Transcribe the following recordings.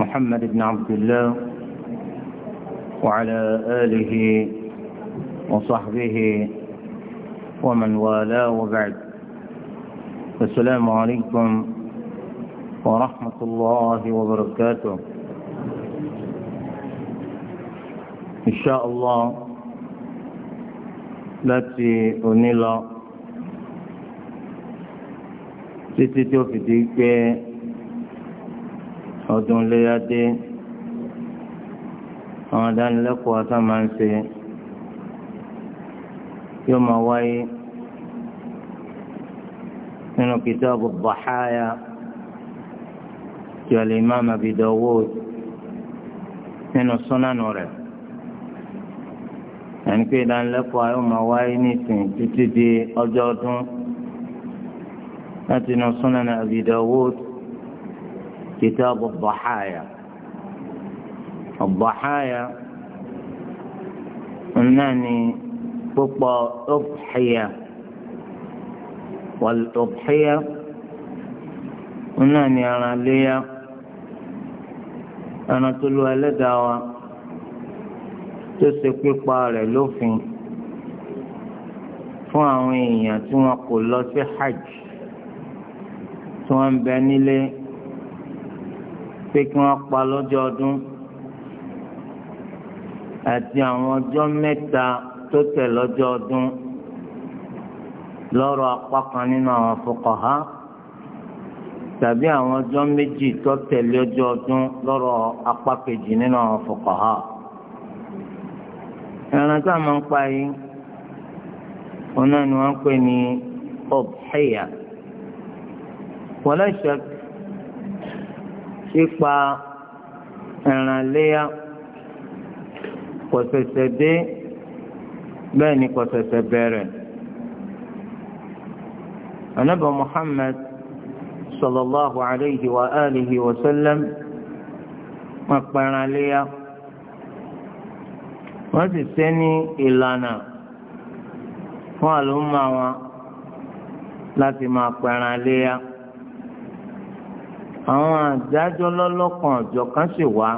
محمد بن عبد الله وعلى آله وصحبه ومن والاه وبعد السلام عليكم ورحمة الله وبركاته إن شاء الله láti òní lọ títí tó fi di pé ọdún léyà dé àwọn adánilẹ́kọ̀ọ́ ata máa ń ṣe yóò máa wáyé nínú kìtàbù Dọ̀háyà ti al-Imam Abi Dawud nínú súnánù rẹ̀ ẹni pé ìdánilẹ́kọ̀ọ́ yóò máa wáyé nísìnyí títí di ọjọ́ ọdún láti nínú súnánù Abi كتاب الضحايا الضحايا أنني تطلع أضحية والأضحية أنني أرى لي أنا تلو لدعوة تسكي قارئ لوفين fún àwọn èèyàn tí wọn kò lọ sí hajj tí wọn ń bẹ nílé pé kí wọ́n pa lọ́jọ́ ọdún àti àwọn ọjọ́ mẹ́ta tó tẹ̀ lọ́jọ́ ọdún lọ́rọ̀ apá kan nínú àwọn fuqaha tàbí àwọn ọjọ́ méjì tó tẹ̀lé ọjọ́ ọdún lọ́rọ̀ apá kejì nínú àwọn fuqaha. ẹran tá a máa ń pa yìí òun náà ni wọ́n ń pè ní ọ̀bùhẹ́yà. wala shak pípa ẹran léyà kò ṣẹ̀ṣẹ̀ dé bẹ́ẹ̀ ni kò ṣẹ̀ṣẹ̀ bẹ̀rẹ̀ anabi muhammad sallallahu alayhi wa alihi wa sallam wọ́n pa ẹran léyà wọ́n sì ṣe ní ìlànà fún àlùmọ́ wọn láti máa pa ẹran àwọn àdájọ́ lọ́lọ́kan ọ̀jọ̀kan sì wá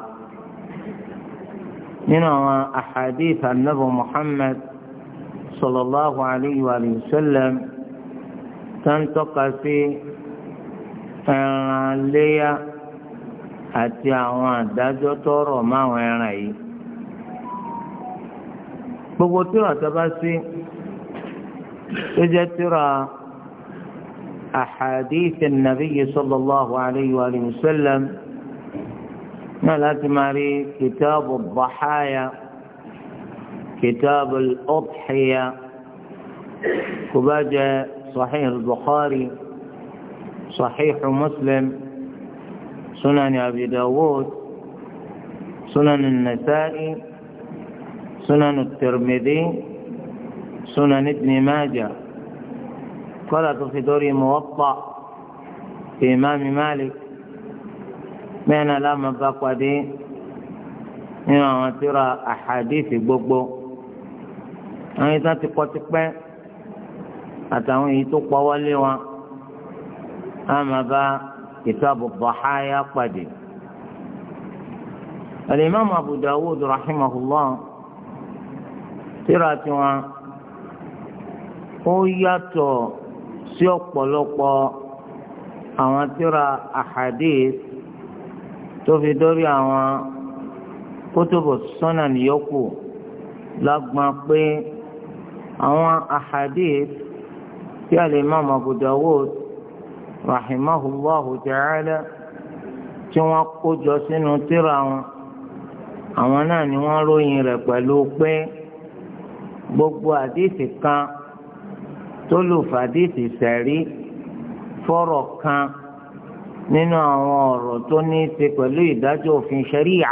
nínú àwọn ahadith anabi muhammad sallallahu alayhi wa sallam tó ń tọ́ka sí ẹran léyà àti àwọn àdájọ́ tó rọ̀ ẹran yìí gbogbo tíra tó bá sí tó jẹ́ tíra. أحاديث النبي صلى الله عليه وآله وسلم الأتمري كتاب الضحايا كتاب الأضحية كباجة صحيح البخاري صحيح مسلم سنن أبي داود سنن النسائي سنن الترمذي سنن ابن ماجه kọ́lá tó fi dórí Muwatta ti ìmáàmì Malik bẹ́ẹ̀ náà láàmú bá pàdé nínú àwọn tírà àhàdíìsì gbogbo àwọn ìtàn ti kọ́ tipẹ́ àtàwọn èyí tó pọ̀ wọlé wọn láàmú bá kìtàbù Dọ̀háyà pàdé. الإمام أبو داود رحمه الله ترى هو يتو sí ọ̀pọ̀lọpọ̀ àwọn tíra ahadith tó fi dórí àwọn kótóbò sọ́nà níyókù lágbọ́n pé àwọn ahadith tí al-Imam Abu Dawud rahimahullahu ta'ala tí wọ́n kó jọ sínú tíra wọn àwọn náà ni wọ́n ròyìn rẹ̀ pẹ̀lú pé gbogbo àdéhìí kan tó lò fàdíìsì sẹ̀rí fọ́rọ̀ kan nínú àwọn ọ̀rọ̀ tó ní í ṣe pẹ̀lú ìdájọ́ òfin ṣẹ̀ríà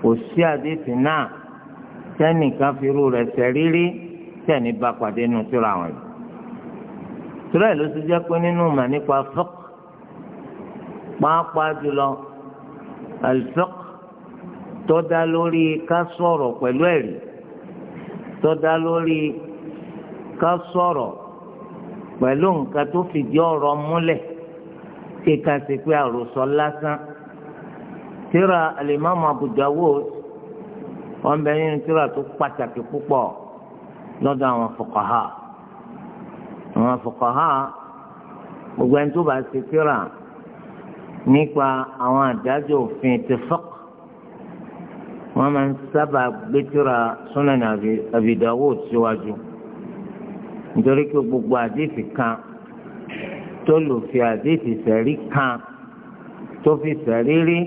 kò sí àdéhìsì náà tẹ́nìkan firú rẹ̀ sẹ̀rí rí tẹ̀ní bá pàdé nù síra wọn yìí. tura ti jẹ́ pé nínú mà nípa fiqh pàápàá jùlọ al tó dá lórí ká sọ̀rọ̀ pẹ̀lú ẹ̀rí tó dá lórí ká sọ̀rọ̀ pẹ̀lú nǹkan tó fìdí ọ̀rọ̀ múlẹ̀ kíka sí pé àròsọ lásán tíra alimami Abu Dawud wọn bẹ nínú tíra tó pàtàkì púpọ̀ lọ́dọ̀ àwọn fuqaha àwọn fuqaha gbogbo ẹni tó bá ṣe tíra nípa àwọn àdájọ́ òfin ti fiqh wọn máa ń sábà gbé tíra Sunan Abi Dawud síwájú nítorí pé gbogbo àdéhìí kan tó lò fi àdéhìí sẹ̀rí kan tó fi sẹ̀rí rí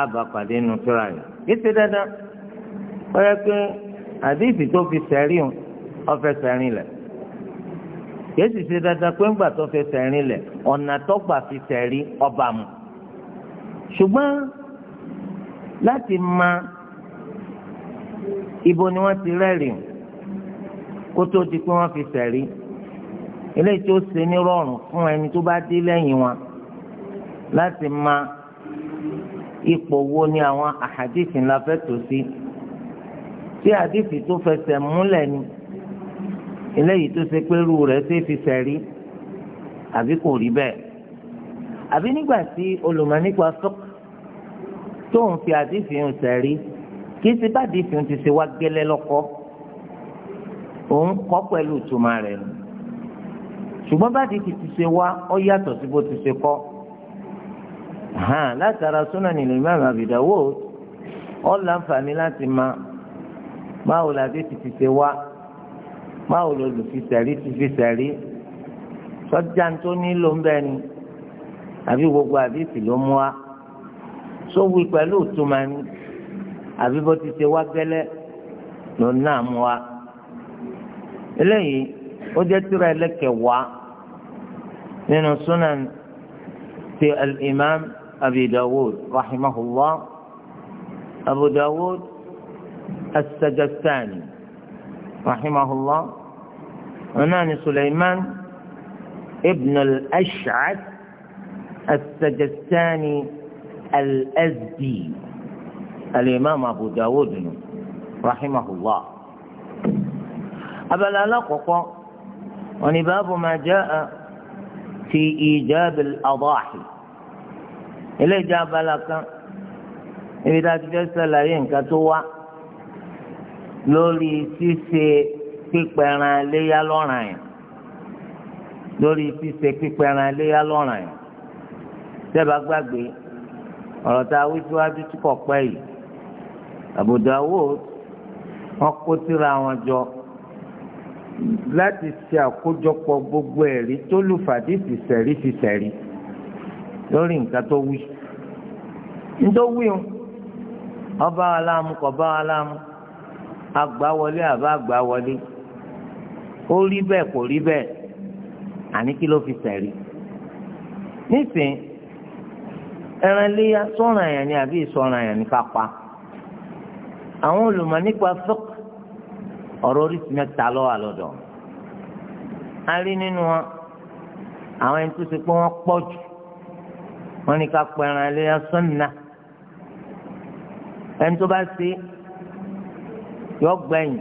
àbàpàdé nu síra yìí. kété dandan ó yẹ pé àdéhìí tó fi sẹ̀rí o ọ̀fẹ́ sẹ̀rin lẹ̀ kéésì ṣe dandan pé ńgbà tó fẹ́ sẹ̀rin lẹ̀ ọ̀nà tó gbà fi sẹ̀rí ọba mu. ṣùgbọ́n láti mọ ibo ni wọ́n ti rẹ́rìn o kó tó di pé wọ́n fi sẹ̀rí eléyìí tó ṣe ní rọrùn fún ẹni tó bá dé lẹ́yìn wọn láti ma ipò wo ni àwọn àhàdìsì ńlá fẹ́ tó sí tí àdìsì tó fẹsẹ̀ múlẹ̀ ni eléyìí tó ṣe pé irú rẹ̀ ṣe fi sẹ̀rí àbí kò rí bẹ́ẹ̀ àbí nígbà tí olùmọ̀ nípa fọ́k tóun fi àdìsì ń sẹ̀rí kí ti ń ti ṣe wá gẹ́lẹ́ lọ́kọ́ òun kọ́ pẹ̀lú ìtumọ̀ rẹ̀ nù ṣùgbọ́n báàdì ti ti ṣe wá ọ yàtọ̀ sí bó ti ṣe kọ́ látara súnà nílùú Imam Abi Dawud ọ láǹfààní láti ma báwo làdé ti ti ṣe wá báwo lòlùfisẹ̀rí ti fi sẹ̀rí sọ́jà tó nílò ń bẹ́ẹ̀ ni àbí gbogbo àdéhìí ló mú wa sówù pẹ̀lú ìtumọ̀ ni àbí bó ti ṣe wá gẹ́lẹ́ ló náà mú wa. eléyìí ó jẹ́ tírà ẹlẹ́kẹ̀wá nínú sunan ti al-imam abu dawud rahimahullah abu dawud as-sajastani rahimahullah onani suleiman ibn al-ash'ad as al-azdi al-imam abu dawud rahimahullah. abala alákọ̀ọ́kọ́ òní báàbò máa jẹ́ à ti ìjábìl àbáàhì eléjà abala kan ibi tá a ti fẹ́ sàlàyé nǹkan tó wá lórí ṣíṣe pípẹ̀ràn léyà lọ́ràn yẹn lórí ṣíṣe pípẹ̀ràn léyà lọ́ràn yẹn tẹ́bà gbàgbé ọ̀rọ̀ tá a wí síwájú tí yìí Abu Dawud wọ́n kó tírà wọn jọ láti ṣe àkójọpọ̀ gbogbo ẹ̀rí tó lùfàdí fi sẹ̀rí fi sẹ̀rí lórí nǹkan tó wí. ntọ́wí o ọba aláàmú kò bá aláàmú agbáwọlé àbá agbáwọlé ó rí bẹ́ẹ̀ kò rí bẹ́ẹ̀ àní kí ló fi sẹ̀rí. nísìn ẹran léyà sọ̀ràn àyàn ni àbí ìsọ̀ràn àyàn ni ká àwọn olùmọ̀ nípa fẹ́k ọ̀rọ̀ oríṣi mẹ́ta ló wà lọ́dọ̀ a rí nínú wọn àwọn ẹni tó ṣe pé wọ́n pọ̀ jù wọ́n ní ká pẹran ẹlẹ́yà sọ́nà ẹni tó bá ṣe yọ gbẹ̀yìn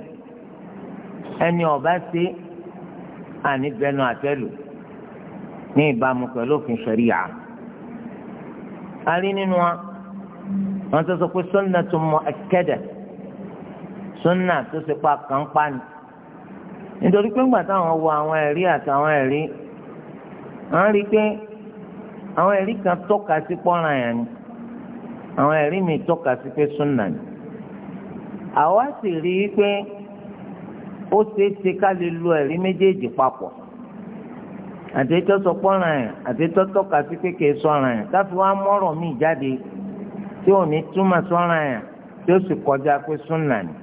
ẹni ọ̀bá ṣe àní àtẹ́lù ní ìbámu pẹ̀lú òfin ṣẹ̀ríyà a rí nínú wọn wọ́n tó sọ pé sọ́nà tó mọ ẹ̀kẹ́dẹ̀ súnà tó ṣe pa kàńpá ni nítorí pé ńgbà táwọn wo àwọn ẹ̀rí àtàwọn ẹ̀rí àwọn rí pé àwọn ẹ̀rí kan tọ́ka sí pọ́nrán yẹn ni àwọn ẹ̀rí mi tọ́ka sí pé súnà ni àwa sì rí i pé ó ṣeé ṣe ká lè lo ẹ̀rí méjèèjì papọ̀ àtẹ̀tọ́ sọ pọ́nrán yẹn àtẹ̀tọ́ tọ́ka sí pé kìí sọ̀ràn yẹn káfí wá mọ́rọ̀ mi jáde tí ò ní túmọ̀ sọ̀ràn yẹn tí ó sì kọjá pé súnà ni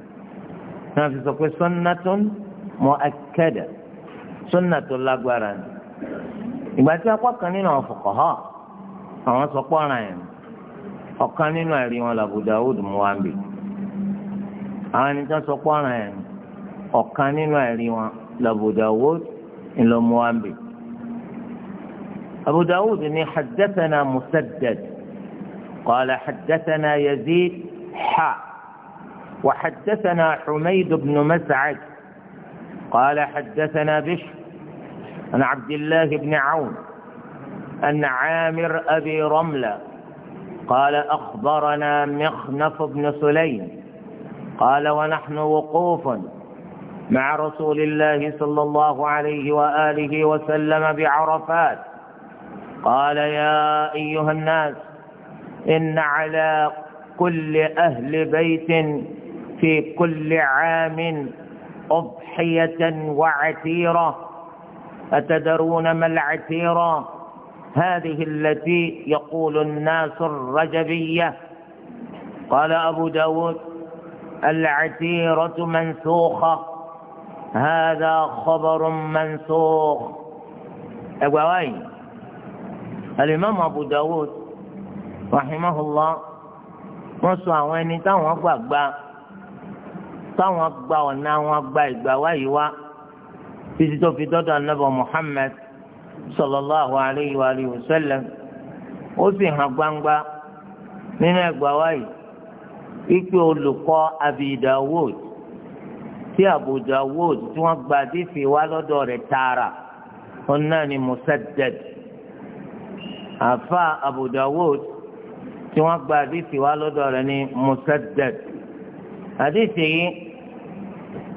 náà fi sọ pé sunnatun mu'akkada sunna tó lágbára ni ìgbà tí apá kan nínú àwọn fuqaha àwọn sọ pé ọ̀ràn yẹn ọ̀kan nínú ẹ̀rí wọn l'Abu Dawud mú wa bì àwọn ẹni tó sọ pé ọ̀ràn yẹn ọ̀kan nínú ẹ̀rí wọn l'Abu Dawud ńlọ mú wa bì Abu Dawud ni haddathana Musaddad qala وحدثنا حميد بن مسعد قال حدثنا بشر عن عبد الله بن عون أن عامر أبي رملة قال أخبرنا مخنف بن سليم قال ونحن وقوف مع رسول الله صلى الله عليه وآله وسلم بعرفات قال يا أيها الناس إن على كل أهل بيت في كل عام أضحية وعتيرة أتدرون ما العتيرة هذه التي يقول الناس الرجبية قال أبو داود العتيرة منسوخة هذا خبر منسوخ أبوين الإمام أبو داود رحمه الله wọ́n sọ sáwọn gba ọ̀nà wọn gba ìgbà wáyé wá títí tó fi dọ́dọ̀ anábọ̀ Muhammad sallallahu alayhi wa alihi wa sallam ó sì hàn gbangba nínú ẹgbàá wáyé ipe olùkọ́ Abi Dawud tí Abu Dawud tí wọ́n gba àdéfì wá lọ́dọ̀ rẹ̀ tààrà òun náà ni Musaddad àfa Abu Dawud tí wọ́n gba àdéfì wá lọ́dọ̀ rẹ̀ ni Musaddad àdéfì yìí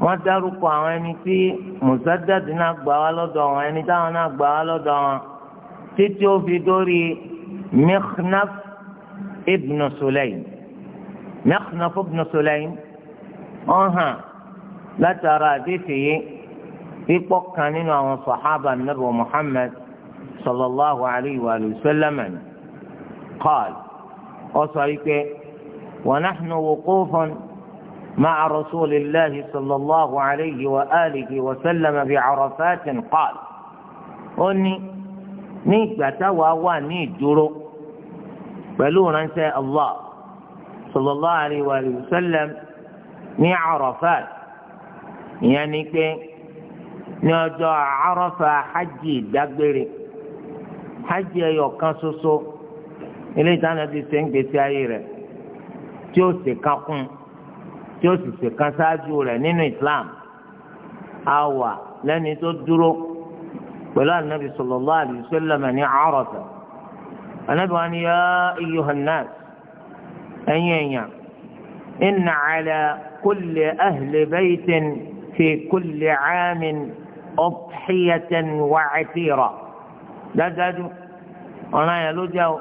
wọ́n dárúkọ àwọn ẹni tí Musaddad náà gbà wá lọ́dọ̀ wọn ẹni táwọn náà gbà wá lọ́dọ̀ wọn títí ó fi dórí Mikhnaf ibn Sulaym Mikhnaf ibn Sulaym ọ̀n hàn látara àdéhìí yìí pípọ̀ kan nínú àwọn sàhábà nàbọ̀ Muhammad sallallahu alayhi wa sallam qala ọ̀sọ̀ yìí pé wa nahnu wuqufun. مع رسول الله صلى الله عليه وآله وسلم بعرفات قال أني نيكبة وواني جرو بلون أنسى الله صلى الله عليه وآله وسلم ní Arafat ìyẹn ni pé ní ọjọ́ Arafa hajj ìdágbére hajj ẹyọ kan ṣoṣo ilé ìtàn náà ti ṣe ń gbèsè ayé rẹ̀ tí ó sì kan kún un tí ó sì ṣèkan ṣáájú rẹ̀ nínú islam a wà lẹ́ni tó dúró pẹ̀lú anabi sallallahu alaihi wasallam ní Arafa anabi wa ni ya ayyuhan nas ẹ̀yin ẹ̀yàn inna ala kulli ahli baytin fi kulli aamin udhiyatan wa atira dájú ọ̀ràn yẹn ló jẹ́ o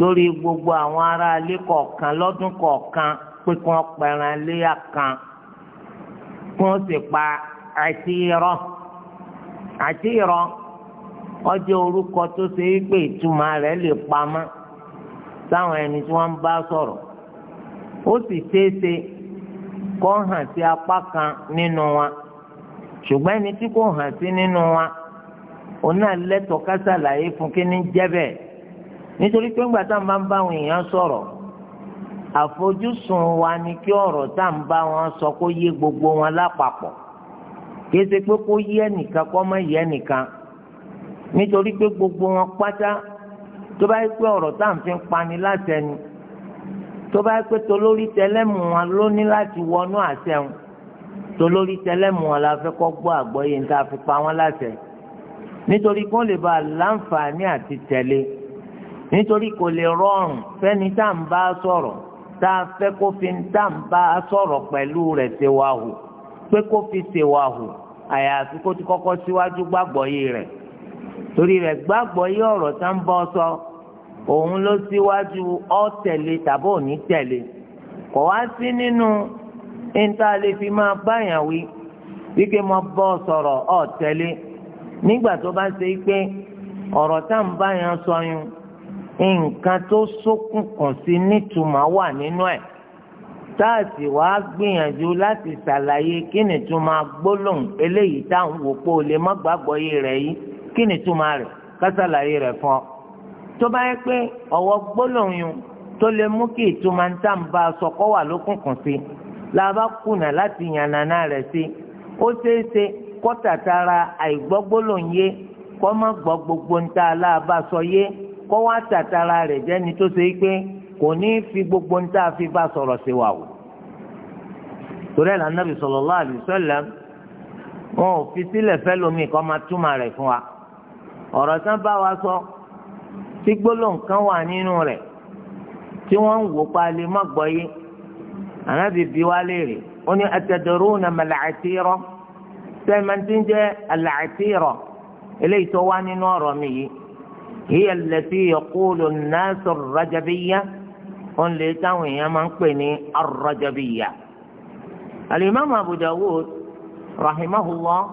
lórí gbogbo àwọn ará ilé kọ̀ọ̀kan lọ́dún kọ̀ọ̀kan. pé kí wọ́n léyà kan kí wọ́n sì pa àti àtìrọ ọjọ́ orúkọ tó ṣe é pé ìtumọ̀ rẹ̀ lè pamọ́ sáwọn ẹni tí wọ́n bá sọ̀rọ̀ ó sì ṣeéṣe kó hàn sí apá kan nínú wa ṣùgbọ́n ẹni tí kò hàn sí nínú wa òun náà lẹ́tọ̀ọ́ ká ṣàlàyé fún jẹ́ bẹ́ẹ̀ nítorí pé ńgbà táwọn àfojúsùn wa ni kí ọ̀rọ̀ tá à ń bá wọn sọ kó yé gbogbo wọn lápapọ̀ kì í ṣe pé kó yé ẹnìkan kó má yé ẹnìkan nítorí pé gbogbo wọn pátá tó bá yẹ pé ọ̀rọ̀ tá à ń fi pani láti ẹni tó bá yẹ pé tolórí tẹlẹ́mù wọn ló láti wọnú àṣẹ wọn tolórí tẹlẹ́mù wọn la fẹ́ kọ́ gbọ́ àgbọ́yé níta fi pa wọn láṣẹ nítorí kó lè ba láǹfààní àti tẹ̀lé nítorí kò lè rọrùn fẹ́ni tá à ń bá sọ̀rọ̀ tá a fẹ́ kó fi ń tà ń bá a sọ̀rọ̀ pẹ̀lú rẹ̀ ṣe wá hù pé kó fi ṣe wá hù àyàfi kó ti kọ́kọ́ síwájú gbàgbọ́ yìí rẹ̀ torí rẹ̀ gbàgbọ́ yìí ọ̀rọ̀ tá ń bọ́ sọ òun ló síwájú ọ́ tẹ̀lé tàbí òní tẹ̀lé kò wá sí nínú níta lè fi máa báyàn wí wípé mo bọ́ sọ̀rọ̀ ọ̀ tẹ̀lé nígbà tó bá ṣe pé ọ̀rọ̀ tá ń báyàn sọyún. So nǹkan tó ṣókùnkùn sí nítumọ̀ wà nínú ẹ̀ táàsì wàá gbìyànjú láti ṣàlàyé kí ni tó máa gbólóhùn eléyìí táwọn wò pé o lè má gbàgbọ́ yé rẹ̀ yìí kí ni tó máa rẹ̀ ká ṣàlàyé rẹ̀ fún ọ. tó bá yẹ pé ọ̀wọ́ gbólóhùn yun tó lè mú kí ìtumọ̀ ń tà ń bá a sọ kọ́ wà lókùnkùn sí i la kùnà láti yànnàná rẹ̀ sí i ó ṣeé ṣe tàtàrà àìgbọ́ yé kó má gbọ́ gbogbo ń ta aláàbá sọ yé kó wá tàtàrà rẹ̀ jẹ́ni tó ṣe pé kò ní fi gbogbo níta fi bá sọ̀rọ̀ sí wa o torí ẹ̀ lànà Nabi sallallahu alaihi wasallam wọn ò fi sílẹ̀ fẹ́ lómi kó máa túmọ̀ rẹ̀ fún wa ọ̀rọ̀ sán bá wa sọ tí gbólóhùn kan wà nínú rẹ̀ tí wọ́n ń wò pa lè má gbọ́ yé ànábì bí wa léèrè ó ní atadruna mal atira sẹ́mẹ́ntì ń jẹ́ al atira eléyìí tó wá nínú ọ̀rọ̀ mi yìí. هي التي يقول الناس الرجبية قل لي تاوي من قني الرجبية الإمام أبو داود رحمه الله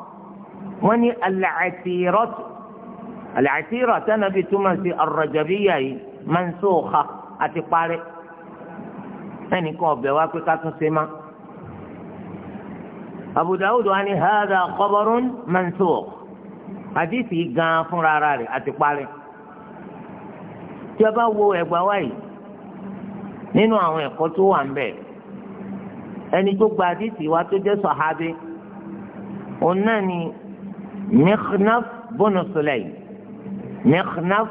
وني العتيرة العتيرة تنبي تمسي الرجبية منسوخة أتقارئ أني kan بواقع تسمى أبو داود وني هذا خبر منسوخ حديثي قافر ni أتقارئ tí a bá wo ẹ̀gbà wáyé nínú àwọn ẹ̀kọ́ tó wà ń bẹ̀ ẹni tó gba àdìsí wa tó jẹ́ sọ̀hábí òun náà ni Mikhnaf bọ́nù Sulaym Mikhnaf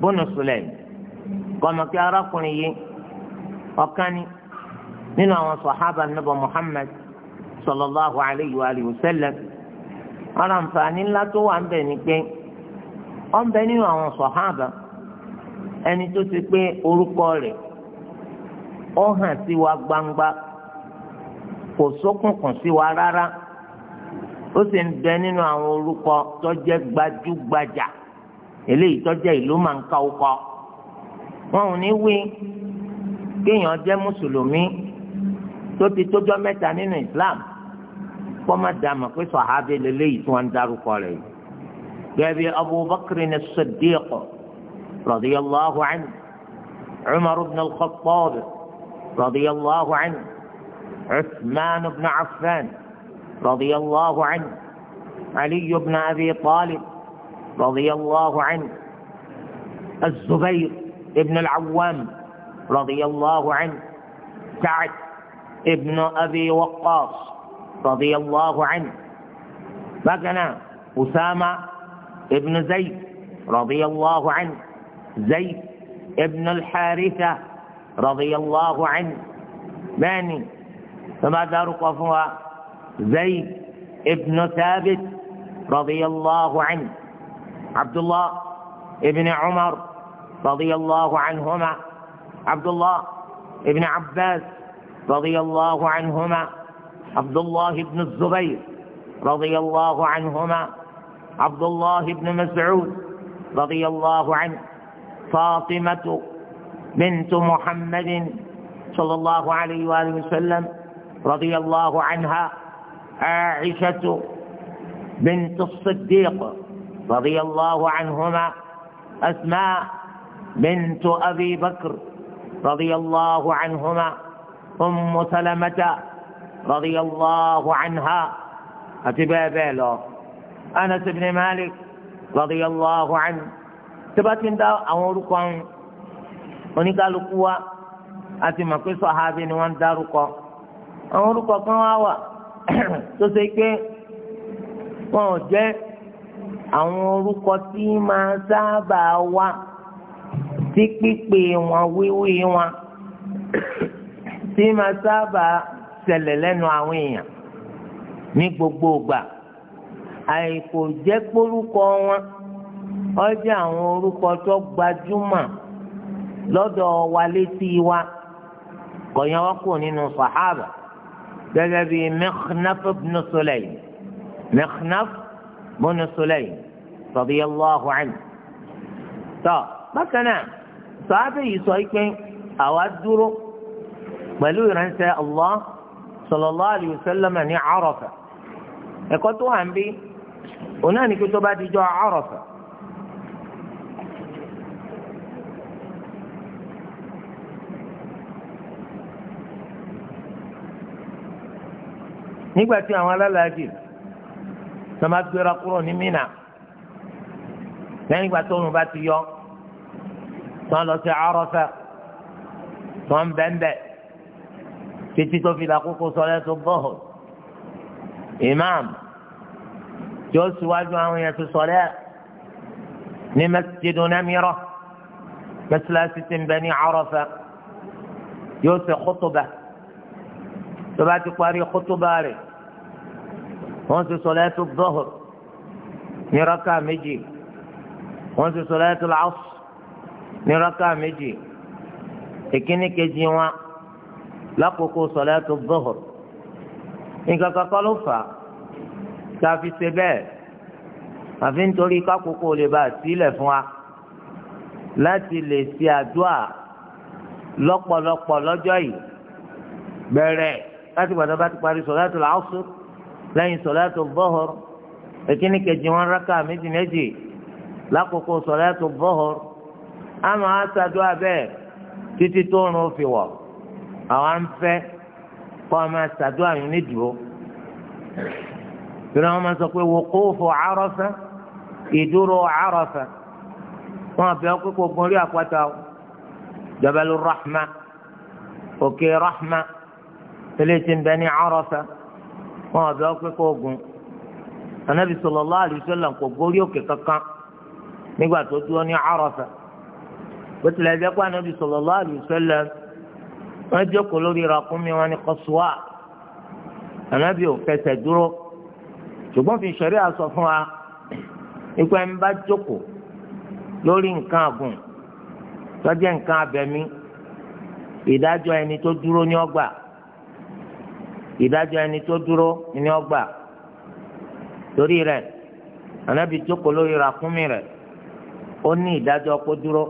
bọ́nù Sulaym kọ́mọ̀kí arákùnrin yìí ọ̀kan ni nínú àwọn sọ̀hábà nàbà Muhammad sallallahu alayhi wa alihi wa sallam ara nfa ńlá tó wà ń bẹ̀ ni pé ọ̀ bẹ nínú àwọn sọ̀hábà ẹni tó ti pé orúkọ rẹ̀ ó hàn sí wa gbangba kò sókùnkùn sí wa rárá ó sì ń bẹ nínú àwọn orúkọ tó jẹ́ gbajúgbajà eléyìí tó jẹ́ ìlú máa ń ka ọkọ wọn ò ní wí kéèyàn jẹ́ mùsùlùmí tó ti tójọ́ mẹ́ta nínú islam kọ́ má dà mà pé sọ̀hábẹ́ lélẹ́yìí tí wọ́n ń darúkọ rẹ̀ yìí gẹ́gẹ́ abubakar ní sadiq رضي الله عنه عمر بن الخطاب رضي الله عنه عثمان بن عفان رضي الله عنه علي بن أبي طالب رضي الله عنه الزبير بن العوام رضي الله عنه سعد بن أبي وقاص رضي الله عنه بكنا أسامة بن زيد رضي الله عنه زيد ابن الحارثة رضي الله عنه ماني فما دار رقفها زيد ابن ثابت رضي الله عنه عبد الله ابن عمر رضي الله عنهما عبد الله ابن عباس رضي الله عنهما عبد الله بن الزبير رضي الله عنهما عبد الله بن مسعود رضي الله عنه فاطمة بنت محمد صلى الله عليه وآله وسلم رضي الله عنها عائشة بنت الصديق رضي الله عنهما أسماء بنت أبي بكر رضي الله عنهما أم سلمة رضي الله عنها أتبابيلو أنس بن مالك رضي الله عنه tó bá ti ń dá àwọn orúkọ ọ̀hún oníkálukú wa a ti mọ̀ ni wọ́n ń dárúkọ àwọn orúkọ kan wá wà tó ṣe pé wọn ò jẹ́ àwọn orúkọ tí máa sábà wá tí pípé wọn wíwí wọn tí máa sábà ṣẹlẹ̀ lẹ́nu àwọn èèyàn ní gbogbo ìgbà àìkò jẹ́ pórúkọ wọn ọjọ́ àwọn orúkọ tó gbajúmọ̀ lọ́dọ̀ wa létí wa kọ̀yàn wa kù nínú sàhábà gẹ́gẹ́ bí Mikhnaf ibn Sulaym Mikhnaf ibn Sulaym radiyallahu anhu. tọ́ bákan náà sàábà yìí sọ pé àwa dúró pẹ̀lú ìránṣẹ́ Allah sallallahu alayhi wa sallam ní Arafa ẹ̀kọ́ tó hàn bí òun tó bá dijọ́ Arafa. nígbà tí àwọn alálàájì náà máa gbéra kúrò ní Mínà lẹ́yìn ìgbà tó òun bá ti yọ tó ń lọ sí Àrọ́fà tó ń bẹ́ńbẹ́ títí tó fi làkókò sọlẹ́ tó bọ́ọ̀ ìmáàmù tí ó síwájú àwọn yẹn ti sọlẹ́ ní mẹ́sìdì onámírọ̀ mẹ́sìláṣí ti ń bẹ ní Àrọ́fà yóò ṣe kótóbà tó bá ti parí kótóbà rẹ̀ wọ́n ti sọ̀látù zuhr ní rákà méjì wọ́n ti sọ̀látù asr ní rákà méjì ìkíní kejì wọn lákòókò sọ̀látù zuhr nǹkan kankan ló fà á tá a fi ṣe bẹ́ẹ̀ àfi nítorí kákòókò lè bá a sílẹ̀ fún wa láti lè ṣe àdúà lọ́pọ̀lọpọ̀ lọ́jọ́ yìí bẹ̀rẹ̀ láti gbàdúrà bá ti parí sọ̀látù asr lẹ́yìn sọ̀láàtù bọ́họ̀r èkíní kejì wọn rákà méjì méjì lákòókò sọ̀láàtù bọ́họ̀r àmọ́ àṣàdó abẹ́ títí tó ń fi wọ̀ àwọn ń fẹ́ kọ́ ọ máa ṣàdó àyùn nídìbò ìrìn àwọn máa sọ pé wuqufu Arafa ìdúró Arafa wọn àbẹ̀ ọ́ pé gun orí àpáta o Jabalu Rahma òkè Rahma eléyìí ti ń bẹ ní Arafa. wọn àbí ọpẹ ogun anabi sallallahu alaihi wasallam kò gorí òkè kankan nígbà tó dúró ní Arafa bó tilẹ̀ jẹ́ pé anabi sallallahu alaihi wọn jókòó lórí ràkúnmí wọn ní Qaswa anabi ò fẹsẹ̀ dúró ṣùgbọ́n fi ṣẹ̀rí àsọ fún wa ikú ẹni bá jókòó lórí nǹkan àgùn nǹkan abẹ̀mí ìdájọ́ ẹni tó dúró ìdájọ́ ẹni tó dúró ni ó gbà torí rẹ̀ ànábì jókòó lórí ràkúnmí rẹ̀ ó ní ìdájọ́ kó dúró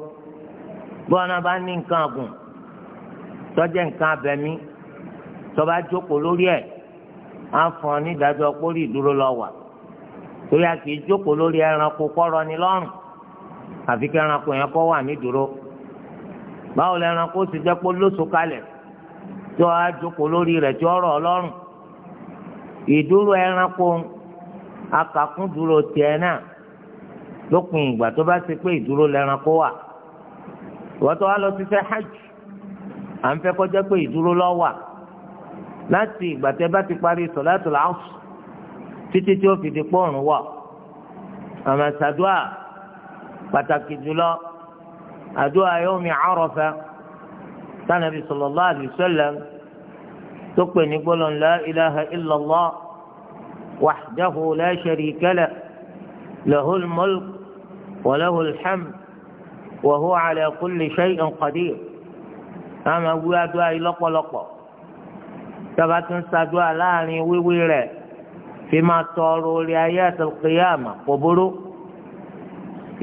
bí wọn bá ní nǹkan àgùn tọ́jẹ́ nǹkan abẹ̀mí tọ́ba jókòó lórí ẹ̀ á fún ọ ní ìdájọ́ pórí ìdúró lọ wà torí a kì í jókòó lórí ẹranko kọ́rọ̀ ni lọ́rùn àfi kí ẹranko yẹn kọ́ wà nídúró báwo lẹ́ranko sì jẹ́ pé lóṣù kalẹ̀ tí wọ́n á jókòó lórí rẹ̀ tí ọ̀rọ̀ ọlọ́run ìdúró ẹranko akàkúndúró tiẹ̀ náà lópin ìgbà tó bá ṣe pé ìdúró lẹ́ranko wà ìwọ́n tó wá lọ sí fẹ́ hajj à ń fẹ́ kọjá pé ìdúró lọ́ wà láti ìgbà tẹ́ bá ti parí sọ̀láàtù láàfù títí tí ó fi di pọ́ọ̀rùn wọ̀ àmàṣàdúà pàtàkì jùlọ àdúà yawmi Arafa tánàbí sallallahu alaihi wasallam tó pè ní gbólóhùn la ilaha illallah wahdahu la sharika lah lahul mulk wa lahul hamd wa huwa ala kulli shay'in qadir àmà wí adúlá yìí lọ́pọ̀lọpọ̀ tọ́ba tún ṣàdúrà láàrin wíwí rẹ̀ fi máa tọrọ orí ayé àtàlùkìyàmà kò burú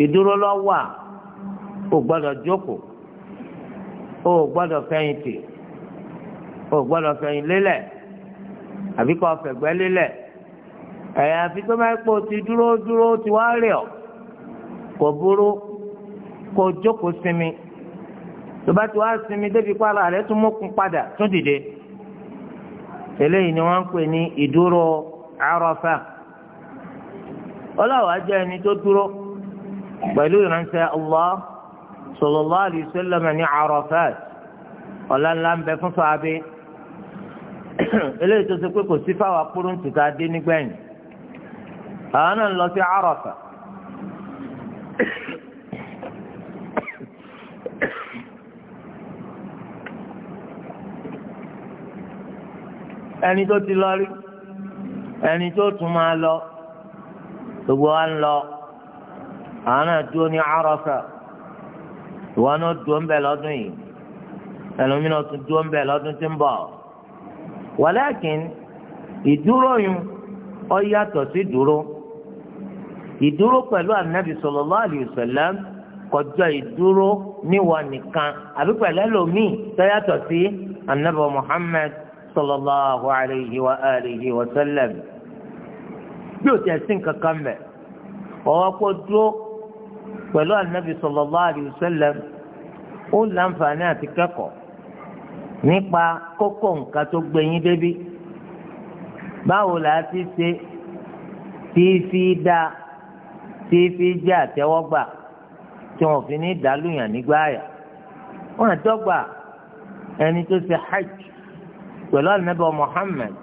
ìdúró lọ́wọ́ à kò gbọ́dọ̀ o gbọdọ fẹ̀yìn tì o gbọdọ fẹ̀yìn lélẹ̀ àbí kò fẹ̀gbẹ́ lélẹ̀ ẹ̀yà àfi tó bá pò ti dúró dúró ti wá rẹ̀ ọ kò burú kò jókòó sinmi tó bá ti wá sinmi débi pa ara rẹ̀ tún mókun padà tún dìde eléyìí ni wọ́n ń pè ní ìdúró Àrafà ọlọ́wọ́ ajá ẹni tó dúró pẹ̀lú ìránṣẹ́ Allah. sallallahu alaihi wasallam ní Arafat ọ̀la ńlá ń bẹ fún fàábí eléyìí tó ṣe pé kò sí fáwọn akpọ́rọ̀ǹtì tá a dé nígbẹ̀yìn àwọn náà ń lọ sí Arafat ẹni tó ti lọ rí ẹni tó tún máa lọ gbogbo wa ń lọ àwọn náà dúró ní Arafat ìwọ náà dúró ń bẹ lọ́dún yìí ẹlòmínà tún dúró ń bẹ lọ́dún tí ń bọ̀ wàlẹ́kìn ìdúró yun ó yàtọ̀ sí dúró ìdúró pẹ̀lú ànábì sallallahu alaihi wasallam kọjá ìdúró níwọ nìkan àbí pẹ̀lú ẹlòmíì tó yàtọ̀ sí ànábì Muhammad sallallahu alaihi wa alihi wa sallam bí o tẹ̀ nǹkan kan mẹ́ ọ̀wọ́ kó dúró pẹ̀lú anabi sallallahu alayhi wa sallam ó láǹfààní àti kẹ́kọ̀ọ́ nípa kókó nǹkan tó gbẹ̀yìn débi báwo la ti ṣe tí fi dá tí fi jẹ́ àtẹ́wọ́gbà tí wọ́n fi ní dàlúyàn nígbà yà wọ́n àdọ́gba ẹni tó ṣe hajj pẹ̀lú anabi muhammad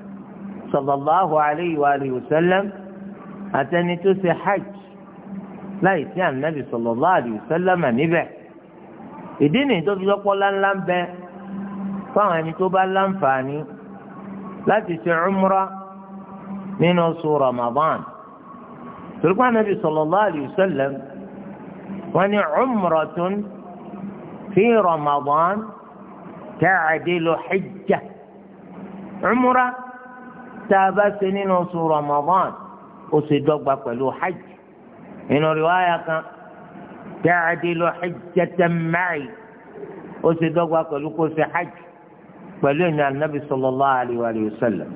sallallahu alayhi wa sallam àtẹni tó ṣe hajj láì sí ànábì sallallahu alaihi wasallam níbẹ̀ ìdí nìyí tó fi lọ́pọ̀ láńlá ń bẹ fáwọn ẹni tó bá láǹfààní láti ṣe umra nínú oṣù Ramadan tòlùkọ́ ànábì sallallahu alaihi wasallam wọ́n ní umratun fi Ramadan ta'dilu hajjah umra tá a bá ṣe nínú oṣù Ramadan ó ṣe dọ́gba pẹ̀lú hajj. inú riwaya kan ta'dilu hajjatan ma'i ó ṣe dọ́gba pẹ̀lú kó ṣe hajj pẹ̀lú ìní anabi sallallahu alayhi wa sallam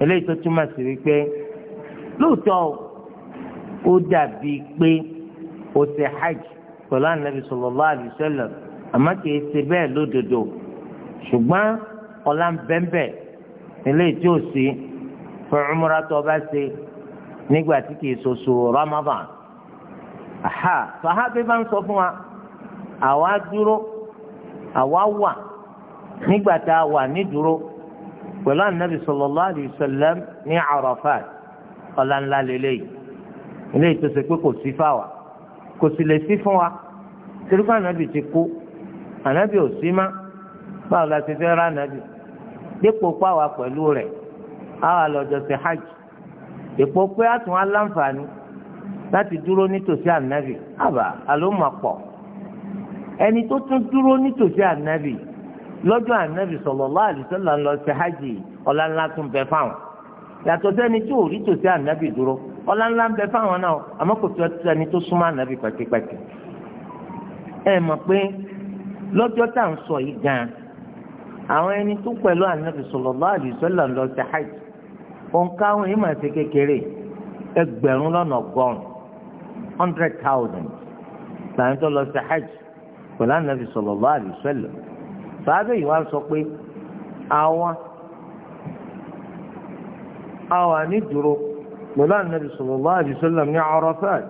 eléyìí tó túmọ̀ sí wípé lóòótọ́ ó dàbí o ó ṣe hajj pẹ̀lú anabi sallallahu alayhi wa sallam àmọ́ kì í ṣe bẹ́ẹ̀ lódodo ṣùgbọ́n ọ̀la ń bẹ́ńbẹ́ eléyìí tí ó ṣe fún umrah tó bá Ramadan. aha sàhábì bá ń sọ fún wa àwa dúró àwa wà nígbà tá a wà nídúró pẹ̀lú sallallahu alayhi sallam ní Arafat ọ̀la ńlá lélẹ́yìí ilé ìtòsí pé kò sí fáwa kò sì lè sí fún wa torí pé anabi ti kú anabi ò sí má báwo la ti fẹ́ rà anabi dípò pàwà pẹ̀lú rẹ̀ àwa lọ́jọ́ sí hajj dípò pé àtún láti dúró nítòsí ànábì àbá àlómàpọ̀ ẹni tó tún dúró nítòsí ànábì lọ́jọ́ ànábì sallallahu alaihi wasallam lọ sí hajj ọlá ńlá tún bẹ fáwọn yàtọ̀ sẹ́ni tí ò rí tòsí ànábì dúró ọlá ńlá ń bẹ fáwọn náà àmọ́ kò tó ẹni tó súnmọ́ ànábì pàkípàkí ẹ mọ̀ pé lọ́jọ́ tá à ń sọ yìí gan àwọn ẹni tó pẹ̀lú ànábì sallallahu alaihi wasallam lọ sí hajj òǹkà àwọn èèyàn ṣe kékeré ẹgbẹ̀rún lọ́nà ọgọ́rùn-ún hundred thousand làwọn tó lọ sí hajj pẹ̀lú ànábì sallallahu alaihi wasallam sàábẹ̀ yìí wá sọ pé àwọn àwọn ànídúró pẹ̀lú ànábì sallallahu alaihi wasallam ní Arafat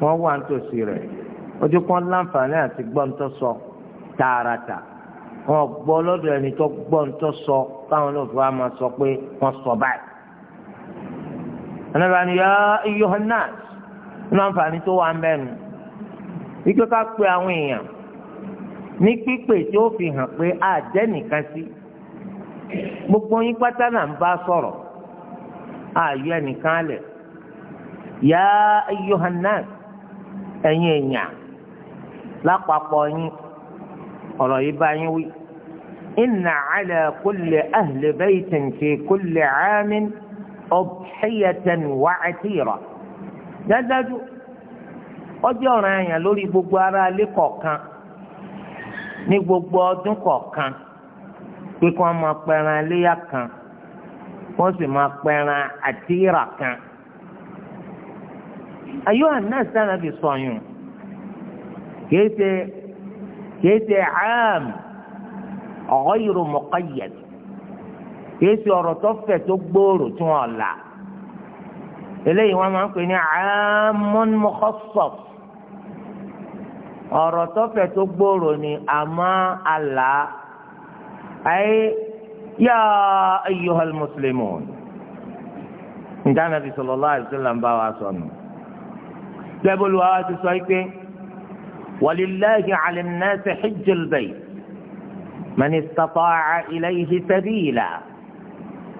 wọ́n wà nítòsí rẹ̀ ojú kan láǹfààní àti gbọ́ntọ́ sọ tààràtà wọn gbọ́ lọ́dọ̀ ẹni tó gbọ́ntọ́ sọ káwọn náà fi wá máa sọ pé wọ́n sọ báyìí. ànábì ni yá ayyuhan nínú àǹfààní tó wà ń bẹ́nu ká pe àwọn èèyàn ní pípè tí ó fi hàn pé àjẹ́ sí gbogbo yín pátá náà ń bá sọ̀rọ̀ ààyò ẹnìkan lẹ̀ yá yohanan ẹ̀yin èèyàn lápapọ̀ yín ọ̀rọ̀ yìí bá yín wí. إن على كل أهل dájúdájú ọjọ́ ọ̀ràn àyàn lórí gbogbo ará ilé kọ̀ọ̀kan ní gbogbo ọdún kọ̀ọ̀kan pé kí wọ́n máa pẹran iléyà kan wọ́n sì máa pẹran kan. ayọ́ fi sọyún kìí ṣe kìí ṣe àm ìrò mọ̀kọ́ yẹ̀ ọ̀rọ̀ tó fẹ̀ tó gbòòrò tí wọ́n eléyìí wọn máa ń pè ní àmọ́n mọ́kọ́sọ̀t ọ̀rọ̀ tọ́fẹ̀ tó gbòòrò ni àmọ́ àlá ayé yá ayyuhal muslimun níta nàbì sallallahu alaihi wasallam ń bá wa sọ nù. lẹ́bùlù wa ti sọ pé walillahi ala an-nasi hijjul bayt man istata'a ilayhi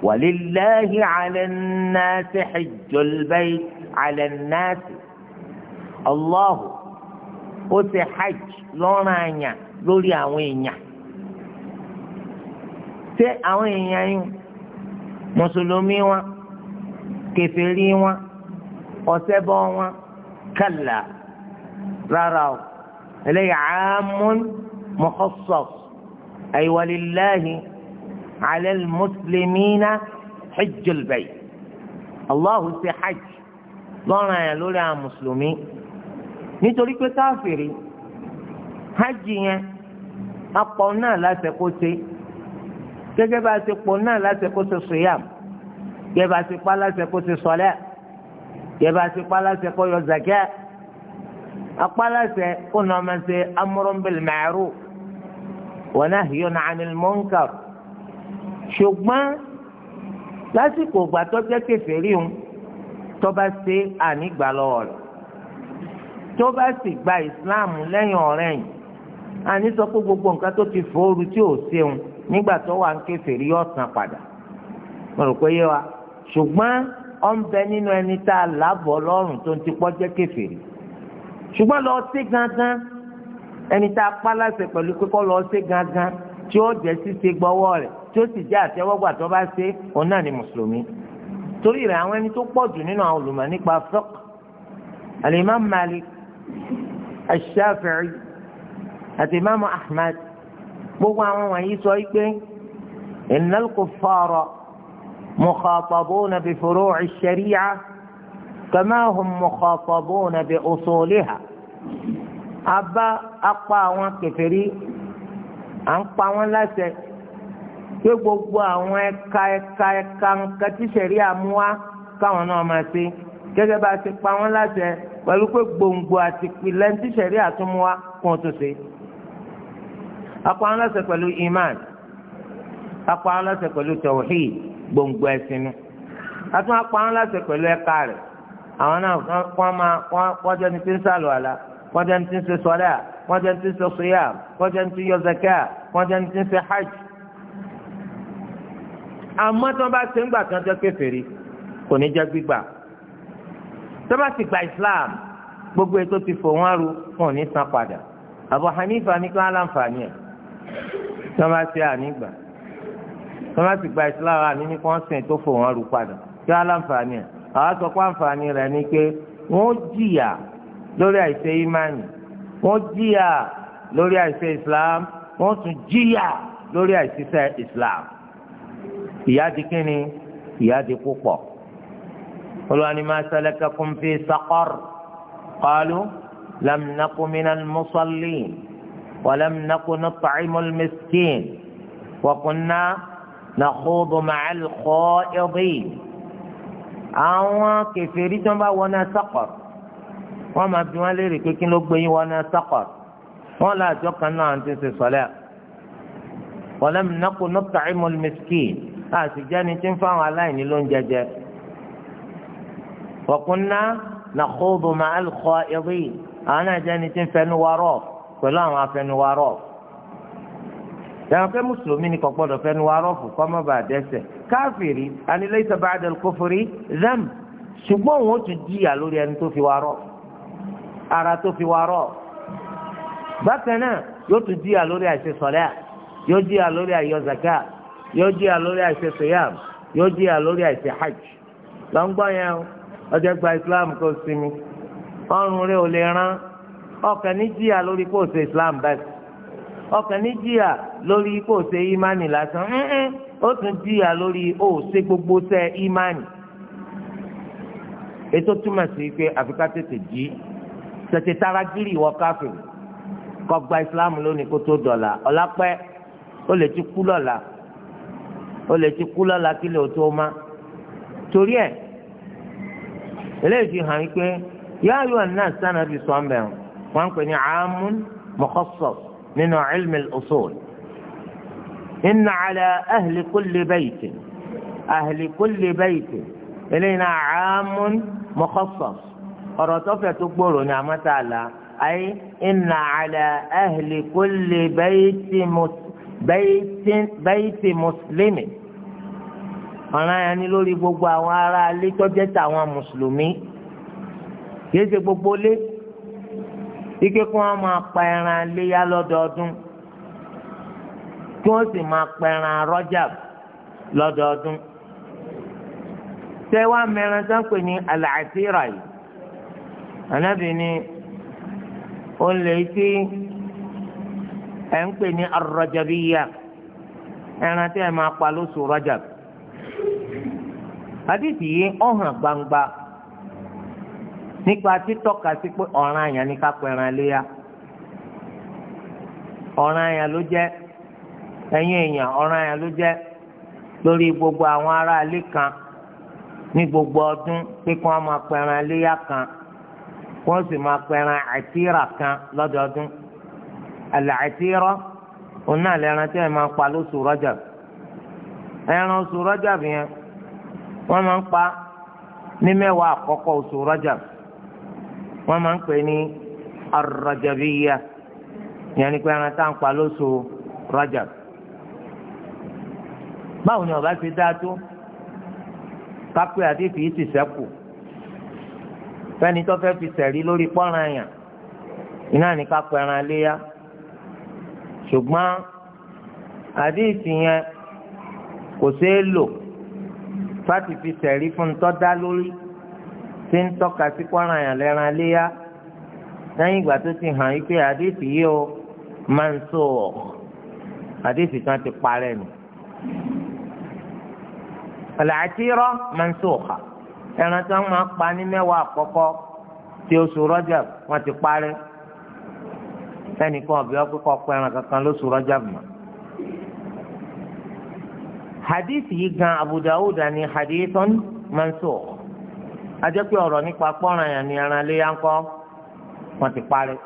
ولله على الناس حج البيت على الناس الله ó ṣe hajj lọ́rùn àyàn lórí àwọn èèyàn ṣé àwọn èèyàn yìí mùsùlùmí wọn kèfèrí wọn ọ̀ṣẹbọ wọn kàlà rárá o eléyà àmún mukhassas ay walillahi. على المسلمين حج البيت الله سي حج لọ́ràn yẹn lórí àwọn mùsùlùmí nítorí pé káfìrí hajj yẹn apọ̀ náà láṣẹ kó ṣe gẹ́gẹ́ bá a ṣe pọ̀ náà láṣẹ kó ṣe sùyàm gẹ́gẹ́ bá a ṣe pa láṣẹ kó ṣe sọlẹ̀ gẹ́gẹ́ bá a ṣe pa láṣẹ kó yọ zakẹ́ apá kó nà ọmọ ṣe amúrúnbìlì màrú wa nahyun 'anil munkar ṣùgbọ́n lásìkò ìgbà tó jẹ́ kèfèrí òun tó bá ṣe ànígbà lọ́wọ́ rẹ̀ tó bá sì gba ìsìláàmù lẹ́yìn ọ̀rẹ́ yìí àní sọ pé gbogbo nǹkan tó ti fòoru tí ò ṣeun nígbà tó wà ń kèfèrí yóò san padà mo rò pé yé wa ṣùgbọ́n ọ ń bẹ nínú ẹni tá a lábọ̀ lọ́rùn tó ń ti pọ́ jẹ́ kèfèrí ṣùgbọ́n lọ sí gangan ẹni tá a pa láṣẹ pẹ̀lú pé kọ́ lọ sí gangan tí ó jẹ́ ṣíṣe gbọ́wọ́ rẹ̀ tí ó sì jẹ́ àtẹ́wọ́gbà tó bá ṣe òun náà ni mùsùlùmí torí rẹ̀ àwọn ẹni tó pọ̀ jù nínú àwọn olùmọ̀ nípa fiqh al-imam Malik ash-Shafi'i àti imam Ahmad gbogbo àwọn wọ̀nyí sọ pé innal kuffara mukhatabuna bi furu'i ash-shari'a kama hum mukhatabuna abá apá àwọn kèfèrí à ń pa wọn láṣẹ pé gbogbo àwọn ẹ̀ka ẹ̀ka ẹ̀ka nǹkan tí sẹ̀rí àmúwá káwọn náà máa ṣe gẹ́gẹ́ bá a ti pa wọ́n láṣẹ pẹ̀lú pé gbòǹgbò àti ìpìlẹ̀ tí sẹ̀rí àtúmúwá kún tó ṣe. apá wọn láṣẹ pẹ̀lú iman apá wọn láṣẹ pẹ̀lú tawhid gbòǹgbò ẹ̀sìn nu àtún apá wọn láṣẹ pẹ̀lú ẹ̀ka rẹ̀ àwọn náà wọ́n máa wọ́n jẹ́ ní tí ń sàlùwàlà wọ́n jẹ́ ní tí ń ṣe sọ́lá wọ́n jẹ́ ní tí ń ṣe sọ́yà wọ́n jẹ́ ní tí ń yọ zakat wọ́n jẹ́ ní tí ń ṣe hajj àmọ́ tí wọ́n bá ṣe ń gbà kan jẹ́ kèfèrí kò ní jẹ́ gbígbà tó bá ti gba Islam gbogbo ètò ti fò wọ́n ru wọn ò ní san padà Abu Hanifa ní kí wọ́n á láǹfààní ẹ̀ tí wọ́n bá ṣe ànígbà tí wọ́n bá ti gba Islam àní ní kí wọ́n sìn tó fò wọ́n ru padà kí wọ́n á láǹfààní ẹ̀ àwọn sọ pé àǹfààní rẹ̀ ni pé wọ́n jìyà lórí àìṣe ìmánì wọ́n jìyà lórí àìṣe Islam wọ́n tún jìyà lórí àìṣiṣẹ́ Islam ìyà di kíni ìyà di púpọ̀ olùwàní ma salakakum fi saqar qalu lam naku minal musallin wa lam naku nut'imul miskin wa kunna nakhudu ma'al kha'idin àwọn kèfèrí tí wọ́n bá wọ náà saqar wọ́n máa bi wọ́n léèrè pé kí ló gbé yín wọ náà saqar wọ́n lọ àjọ náà àti ṣe sọlẹ wa lam naku miskin àtijọ́ni tí ń fáwọn aláìní ló ń jẹjẹ. wọ̀kúnná nàkóbù máa ń kọ ìrì àwọn náà jẹ́ni tí ń fẹnuwarọ̀ pẹ̀lú àwọn afẹnuwarọ̀. dàgbẹ́ mùsùlùmí ni kò gbọ́dọ̀ fẹnuwarọ̀ fún kọ́mọ́bà dẹ́sẹ̀ káfìrí anilẹ́sẹ̀ bá dẹ̀ kófìrí zẹ́m ṣùgbọ́n òun ó tún jìyà lórí ẹni tó fi warọ̀ ara tó fi warọ̀ bákan náà yóò tún jìyà lórí àìsè sọ̀lẹ́ yóò jìyà lórí àìyọ zakat yóò jìyà lórí àìṣe sèyàm yóò jìyà lórí àìṣe hajj lọ́ngbọ́n yẹn ọjọ́ gba islam kò sinmi ọrùn rẹ ò lè rán ọkàn ní jìyà lórí kò ṣe islam bẹ́ẹ̀ ọkàn ní jìyà lórí kò ṣe imani lásán ó tún jìyà lórí ó ṣe gbogbo ṣe imani ètò túmọ̀ sí pé àfikà tètè jí tètè tara gírì wọ káfíìn kó gba islam lónìí kó tó dọ̀la ọ̀la pẹ́ ó lè ti kú lọ́la ó lè ti kú lọ́la kí lè tó má torí ẹ̀ eléyìí fi hàn pé yáa yọ náà sànà fi sọ mbẹ wọn pè ní amun mukhassas nínú ilmi usul inna ala ahli kulli bayti ahli kulli bayti eléyìí náà amun mukhassas ọ̀rọ̀ tọ́fẹ̀ tó gbòòrò ní amátàlá ayé inna ala ahli kulli bayti mut bẹ́ẹ̀tì mùsùlùmí ọ̀ràn yẹn ni lórí gbogbo àwọn ará ilé tó jẹ́ tàwọn mùsùlùmí kìí ṣe gbogbo lé ike kí wọ́n máa pa ẹran léyà lọ́dọọdún kí wọ́n sì máa pa ẹran rọ́jà lọ́dọọdún tẹ́wá mẹ́rin sáńpẹ̀ ní àlàáfíà yìí ànábì ni ó lè ti ẹ̀ ń pè ní arọjàbíyà ẹran tí ẹ máa pa lóṣù rọjà àdìsí yìí ó hàn gbangba nípa títọ́ka sí pé ọ̀ràn àyàn ní ká pẹran léyà ọ̀ràn àyàn ló jẹ́ ẹ̀yin èèyàn ọ̀ràn àyàn ló jẹ́ lórí gbogbo àwọn ará ilé kan ní gbogbo ọdún pé kí wọ́n máa pẹran léyà kan kí wọ́n sì máa pẹran àtìrà kan lọ́dọọdún àlàtírọ́ òun náà lẹ́ran tí wọ́n máa ń pa lóṣù Rajab ẹran oṣù Rajab yẹn wọ́n máa ń pa ní mẹ́wàá àkọ́kọ́ oṣù Rajab wọ́n máa ń pè ní ar-Rajabiyya yẹn ni pé ẹran tá à ń pa lóṣù Rajab báwo ni ọba ti dá tó kápẹ́ àdéhùn yìí ti sẹ́kù fẹ́ni tó fẹ́ fi sẹ̀rí lórí pọ́nrán yàn iná ní kápẹ́ ẹran léyà ṣùgbọ́n àdéhìsì yẹn kò ṣeé lò fáti fi sẹ̀rí fún un tọ́dá lórí tí ń tọ́ka sí kwara yàn lẹ́ran léyà lẹ́yìn ìgbà tó ti hàn yìí pé àdéhìsì yìí ó máa ń sọ ọ̀ àdéhìsì kan ti parẹ́ nù. Àlàátíírọ́ máa ń sọ ọ̀ha ẹran tí wọ́n máa pa ní mẹ́wàá àkọ́kọ́ tí oṣù Rọ́jà wọ́n ti parẹ́. ẹnìkan ọbẹ̀ ọ́ pípọ̀ pẹ́ran kankan lóṣù Rajab mọ́. hadith yìí gan Abu Dawud ni hadithun mansukh ajẹ́pẹ́ ọ̀rọ̀ nípa pọ́nrán yẹn ni ẹran ilé yánkọ́ wọ́n ti parí.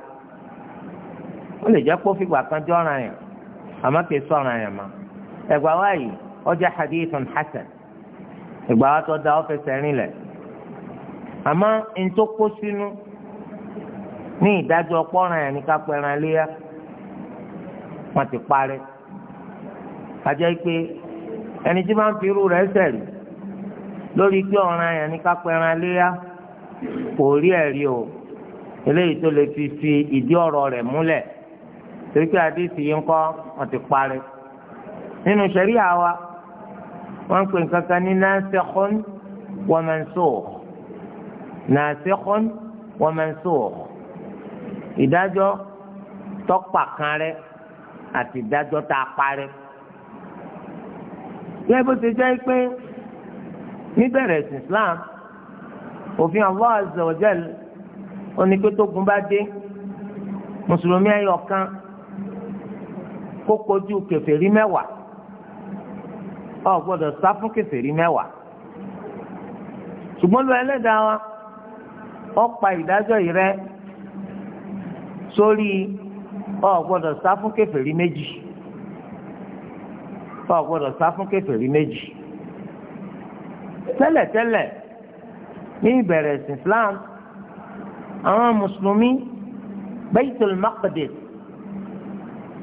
ó lè jẹ́ pé ó fìgbà kan jọ́ ọ̀ràn yẹn àmọ́ kìí sọ ọ̀ràn yẹn mọ́. ẹ̀gbà wa yìí ó jẹ́ hasan ẹ̀gbà wa tó da ọ́ fẹsẹ̀ rìn lẹ̀. àmọ́ ntó sínú ní ìdájọ́ pọ́nrán yẹn ní ká pẹran léyà wọ́n ti parẹ́ àjẹ́ pé ẹni tí máa ń fi irú rẹ̀ sẹ̀rí lórí pé ọ̀ràn yẹn ní ká pẹran léyà kò rí ẹ̀rí o eléyìí tó lè fi fi ìdí ọ̀rọ̀ rẹ̀ múlẹ̀ torí pé àdéhìí yìí ń kọ́ wọ́n ti parẹ́ nínú ṣẹ̀ríà wa wọ́n ń pè nǹkan kan ní nasikhun wa mansukh nasikhun wa mansukh ìdájọ́ tọ́pà kan rẹ àti ìdájọ́ tá a parẹ́ yẹ bó ṣe jẹ́ pé níbẹ̀rẹ̀ ẹ̀sìn Islam òfin Allah azza wa jal oníkótógun bá dé mùsùlùmí ẹyọ kan kó kojú kèfèrí mẹ́wàá ọ gbọ́dọ̀ sá fún kèfèrí mẹ́wàá ṣùgbọ́n lọ ẹlẹ́dàá wa ọ pa ìdájọ́ yìí rẹ́ sórí ọ gbọ́dọ̀ sá fún kèfèrí méjì ọ gbọ́dọ̀ sá fún kèfèrí méjì tẹ́lẹ̀tẹ́lẹ̀ ní ìbẹ̀rẹ̀ ẹ̀sìn Islam àwọn mùsùlùmí Baitul Maqdis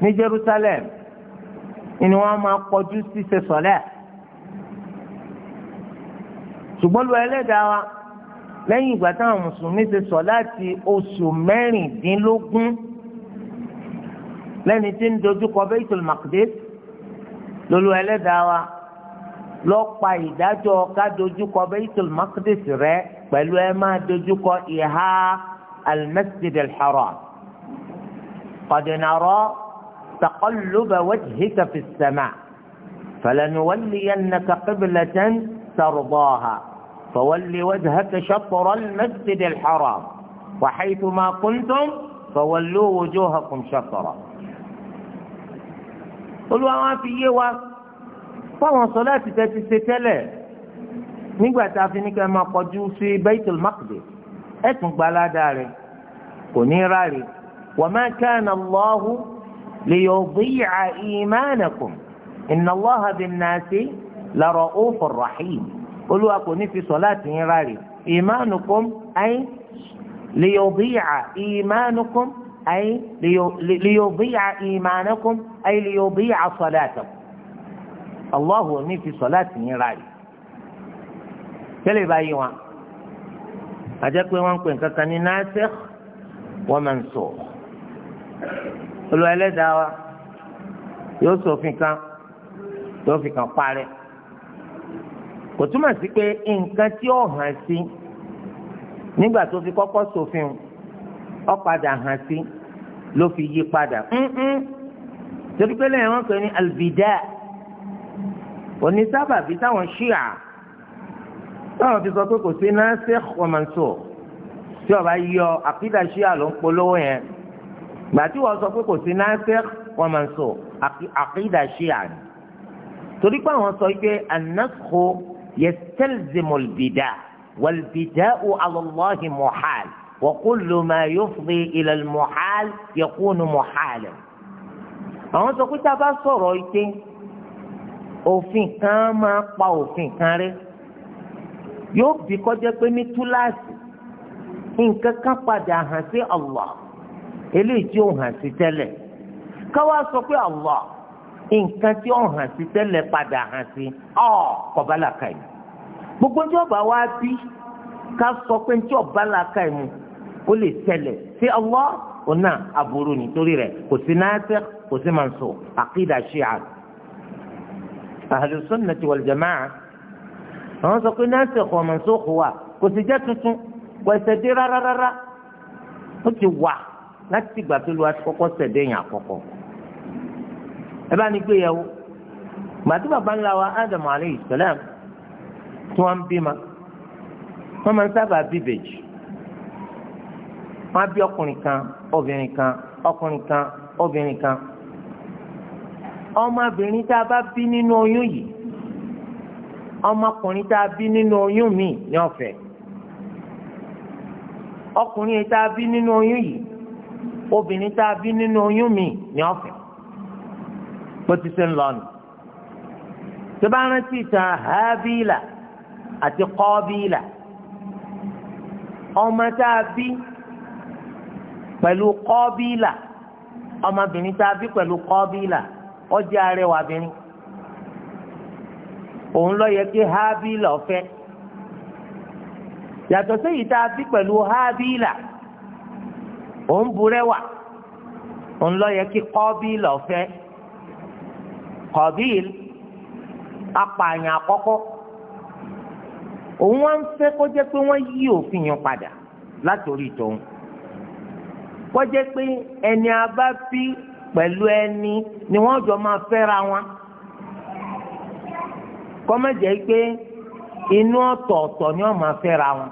ní Jerusalem ni wọ́n máa kọjú sí ṣe sọ̀lẹ́ ṣùgbọ́n lu ẹlẹ́dàá wa lẹ́yìn ìgbà táwọn mùsùlùmí ti sọ láti oṣù mẹ́rìndínlógún lẹ́ni tí ń dojúkọ Baitul Maqdis lolu ẹlẹ́dàá wa lọ pa ìdájọ́ ká dojúkọ Baitul Maqdis rẹ pẹ̀lú ẹ máa dojúkọ ìhà al-Masjid al-Haram qad nara taqalluba wajhika fi as-sama' falanuwalliyannaka qiblatan tardaha. فول وجهك شطر المسجد الحرام وحيث ما كنتم فولوا وجوهكم شطرا olúwa wọn fi yé wa fáwọn sọlá ti tẹ ti ṣe tẹ́lẹ̀ nígbà tá a fi ní kẹ́ máa kọjú sí Baitul Maqdis ẹ tún gba aládàá rẹ kò ní ráre wa ma kana Allahu li yudi'a imanakum inna Allaha bin nasi la ra'ufur rahim olúwa kò ní fi sọ̀láàtì yín rárẹ̀ ìmánukum ayé lèyọ̀bíyà ìmánukum ayé lèyọ̀bíyà ìmánukum ayé lèyọ̀bíyà sọ̀láàtàkum Allahu ò ní fi sọ̀láàtì yín rárẹ̀ tẹ́lẹ̀ báyìí wọn àjẹ́ pé wọ́n ń pè nǹkan kan ní nasikh wa mansukh olùwà ẹlẹ́dàá wa yóò sọ òfin kan yóò fi kan parẹ́ kò túmọ̀ sí pé nǹkan tí ó hàn sí nígbà tó fi kọ́kọ́ ṣòfin ó padà hàn sí ló fi yí padà torí pé lẹ́yìn wọn pè ní albida onísábàbí táwọn ṣíà táwọn fi sọ pé kò sí nasikh wa mansukh tí ó bá yọ àkídà ṣíà ló ń polówó yẹn gbà tí wọ́n sọ pé kò sí nasikh wa mansukh àkídà ṣíà ni torí pé àwọn sọ pé an يستلزم البداء والبداء على الله محال وكل ما يفضي إلى المحال يكون محالا àwọn sọ pé tá a bá sọ̀rọ̀ ike òfin kan máa pa òfin kan rẹ yóò bí kọjá pé ní túláàsì nǹkan kan padà hàn sí Allah eléyìí tí ó hàn sí tẹ́lẹ̀ káwá sọ pé Allah nǹkan tí ó hàn sí tẹ́lẹ̀ padà hàn sí ọ̀ kọ̀bálàkà yìí gbogbo tí ọba wa bí ká sọ pé tí ọba làkà yìí mu ó lè tẹ́lẹ̀ sí Allah ọ̀nà àbúrò nítorí rẹ̀ kò sí nasikh kò sí mansukh àkídà ṣíà ahlu sunnati wal jamaa àwọn sọ pé nasikh wa mansukh wa kò sì jẹ́ tuntun kò ẹsẹ̀ dé rárá rárá ó ti wà láti gbà tó lu àti kọ́kọ́ sẹ̀dẹ̀yìn àkọ́kọ́ ẹ bá ní gbé yẹ̀wò gbàtí bàbá ńlá wa Ádámù alayhi salam tí wọ́n ń bímọ wọ́n máa ń sábà bí ìbejì wọ́n á bí ọkùnrin kan obìnrin kan ọkùnrin kan obìnrin kan ọmọbìnrin tá a bá bí nínú oyún yìí ọmọkùnrin tá a bí nínú oyún míì ní ọ̀fẹ́ ọkùnrin tá a bí nínú oyún yìí obìnrin tá a bí nínú oyún míì ní ọ̀fẹ́ bó ti ṣe ń lọ nù. tó bá rántí ìtàn hábìlà àti kọ́bìlà ọmọ tá a bí pẹ̀lú kọ́bìlà ọmọbìnrin tá a bí pẹ̀lú kọ́bìlà ó jẹ́ òun yẹ kí hábìlà ọ̀fẹ́ yàtọ̀ sí yìí bí pẹ̀lú hábìlà òun burẹ́wà òun yẹ kí ọ̀fẹ́. Qabil apààyàn àkọ́kọ́ òun fẹ́ kó jẹ́ pé wọ́n yí òfin yẹn padà tòun kó jẹ́ pé ẹni pẹ̀lú ni wọ́n jọ máa fẹ́ra wọn má jẹ́ pé inú ni wọ́n máa fẹ́ra wọn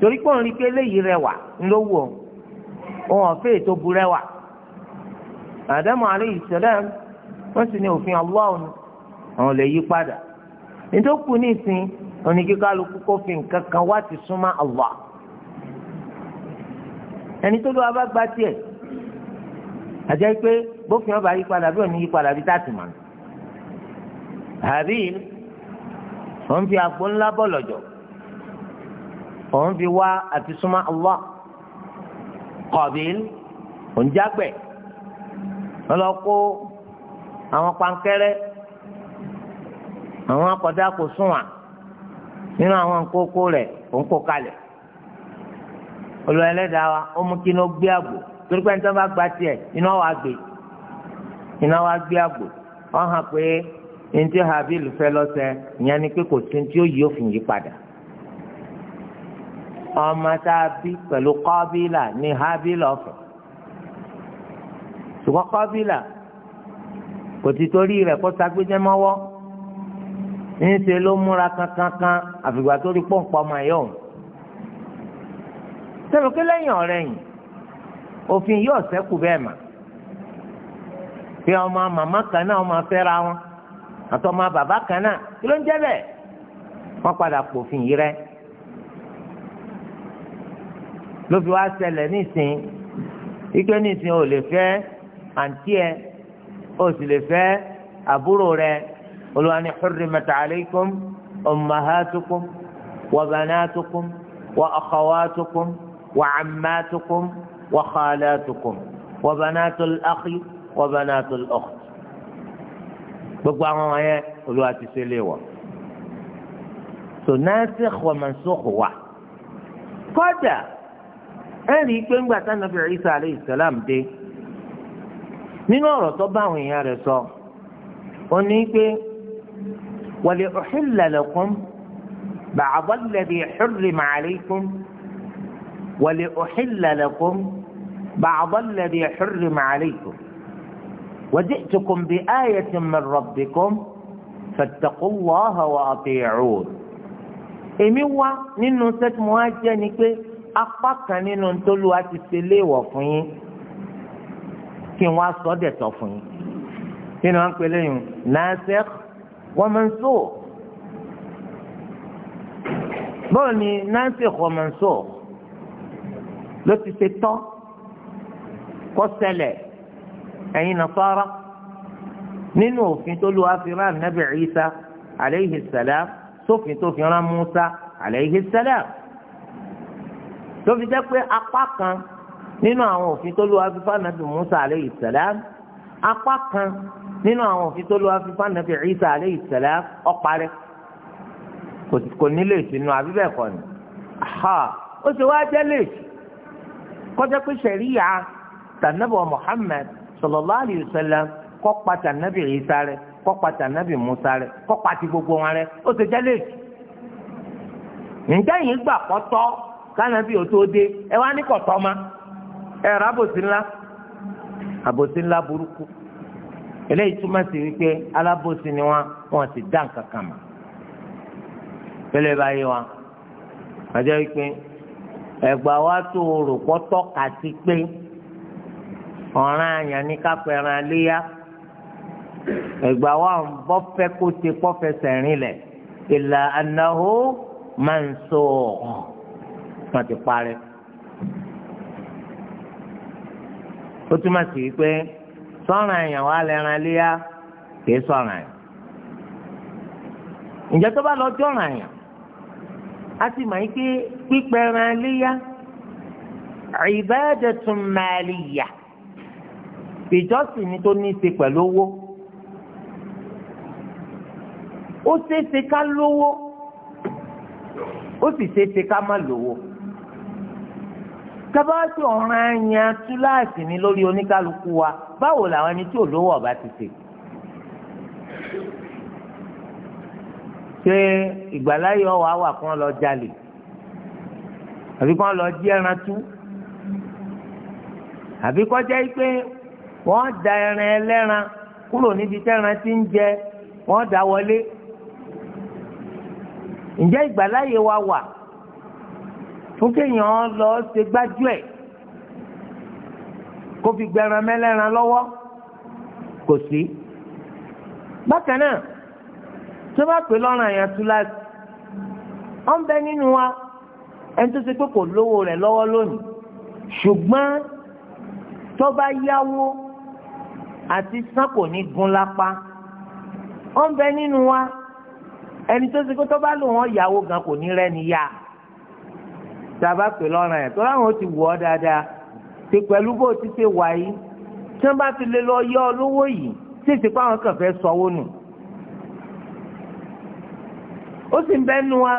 torí pé òun rí pé eléyìí rẹwà ńlọ́wọ́ òun ọ̀fẹ́ ètò burẹ́wà wọ́n sì ní òfin Allah ni àwọn lè yí padà nítòkù ní ìsìn òní kíkálukú kó fi nǹkan kan wá ti súnmọ́ Allah ẹni tó lọ́wọ́ bá gba tiẹ̀ àjẹ́ pé bófin ọba yí padà bí òní yí padà bí táàtì mọ̀ ní. Habil òun fi àgbo ńlá bọ̀ lọ́jọ́ òun fi wá àti súnmọ́ Allah Qabil òun jágbẹ̀ ọlọ́kọ́. àwọn pankẹrẹ àwọn akọ̀dá kò sùn nínú àwọn nkókó rẹ ó ń kó kalẹ̀ olùwà wa ó mú kí iná gbé àgbò torí pé nítorí bá gba tiẹ̀ iná wa gbé iná wa gbé àgbò wọ́n hàn pé ntí habil fẹ́ lọ́sẹ̀ ìyẹn ni pé kò sí tí ó yí òfin yí padà ọmọ tá a bí pẹ̀lú kọ́bílà ní habil ọ̀fẹ́ ṣùgbọ́n kọ́bílà kò ti torí rẹ̀ kó sagbéjẹ́ mọ́wọ́ ńṣe ló múra kankankan àfìgbà tó rí pọ́ǹpọ́ ọmọ ẹ̀yọ́ òun. sẹ́wọ̀n kí lẹ́yìn ọ̀rẹ́ yìí òfin yóò ṣẹ́kù bẹ́ẹ̀ mà pé ọmọ màmá kan náà ọmọ fẹ́ra wọn àtọmọ bàbá kan náà kí ló ń jẹ́ bẹ́ẹ̀ wọ́n padà pòfin yìí rẹ́ ló fi wá ṣẹlẹ̀ nísìnyí ike nísìnyí ò lè fẹ́ àǹtí ẹ̀ ó sì lè fẹ́ àbúrò rẹ olúwa ní hurrimat alaykum ummahatukum wa banatukum wa akhawatukum wa ammatukum wa khalatukum wa banatul akhi wa banatul ukht gbogbo àwọn wọ̀nyẹn olúwa ti ṣe wọ so nasikh wa mansukh wà kódà ẹnì pé ńgbà salam dé. nínú ọ̀rọ̀ tó bá àwọn èèyàn rẹ̀ sọ ó ní pé wàlẹ̀ uhilla lakum ba'da alladhi hurrima alaykum wàlẹ̀ uhilla lakum ba'da alladhi hurrima alaykum waji'tukum bi ayatin min rabbikum fattaqullaha wa ati'un. èmi wá nínú sẹ́tùmọ́ á jẹ́ ni pé apá kan nínú to lu ntòlúwa ti ṣe léèwọ̀ fún yín. kí n sọ ọ́ dẹ̀tọ̀ fún yín kí ni wọ́n pè lẹ́yìn nasikh wa mansukh bọ́ọ̀ ni nasikh wa mansukh ló ti ṣe tọ́ kó ṣẹlẹ̀ ẹ̀yin Nasara nínú òfin tó lu afirá nabi Isa aleyhi salam sófin tó fi rán Musa aleyhi salam tó fi jẹ́ pé apá kan. nínú àwọn òfin tó lu afifa nàbì musa aleyhi salam apá kan nínú àwọn òfin tó lu afifa nàbì isa aleyhi salam ọparẹ kò ní lè sinú àbí bẹ́ẹ̀ kọ́ ni ó ṣe wá jẹ́ lè kọjá pé sẹ̀ríyà tànàbọ̀ muhammed sallallahu alayhi wa sallam kọ́ pa tànàbì isa rẹ kọ́ pa tànàbì musa rẹ kọ́ pa gbogbo wọn rẹ̀ ó ṣe jẹ́ lè ǹjẹ́ yìí gbà kọ́tọ́ kánàbì ò tó dé ẹ wá ní kọ̀tọ́ ma. ẹ̀rọ àbòsí ńlá àbòsí ńlá burúkú eléyìí túmọ̀ sí wípé alábòsí ni wọn wọn ti dá nǹkan kan mọ̀ pẹ̀lẹ́ báyìí wa àjẹ́ wípé ẹ̀gbà wa tó rò pọ́tọ́ kà sí pé ọ̀ràn àyàn ní kápẹ́ran léyà ẹ̀gbà wa ń bọ́ fẹ́ kó ti pọ́ fẹsẹ̀ rinlẹ̀ ìlà ànáhó máa ń so ọ̀ wọn ti parẹ́. ó túmọ̀ sí pé sọ́ràn èèyàn wà lẹ́ran léyà kìí sọ̀ràn yẹn. ǹjẹ́ tó bá lọ jọ̀ràn a ti mọ̀ pé pípẹ̀ràn léyà ibadatun maliyya ìjọsìn ni tó ní í ṣe pẹ̀lú owó. ó ṣeéṣe ká lówó ó sì ká tábàtì ọ̀ràn yẹn túláàsì ni lórí oníkálukú wa báwo làwọn ẹni tí ò lówó ọba ti ṣe. ṣé ìgbàláyé ọwọ́ àwà kan lọ jalè àbí kan lọ jí ẹran tú àbí kọjá yìí pé wọ́n da ẹran ẹlẹ́ran kúrò níbi tẹ́ran ti ń jẹ wọ́n dá wọlé ǹjẹ́ ìgbàláyé wa wà fún kéèyàn lọ ṣe gbájú ẹ̀ kó fi gbẹran mẹ́lẹ́ran lọ́wọ́ kò sí. bákan náà tó bá pè lọ́rùn àyàn túláàsì ọ̀n bẹ nínú wa ẹni tó ṣe pé kò lówó rẹ̀ lọ́wọ́ lónìí ṣùgbọ́n tó bá yáwó àti san ní gun lápá ọ̀n bẹ nínú wa ẹni tó ṣe pé tó bá lò wọ́n yáwó gan kò ní rẹ́ni yá tá a bá pè lọ́ràn yẹn tó láwọn ti wọ̀ ọ́ dáadáa ṣe pẹ̀lú bó ti ṣe wà yìí tí wọ́n bá ti lè lọ yọ olówó yìí sì ti pa àwọn kan fẹ́ sọ̀wọ́ nù. ó sì ń bẹ́nu wa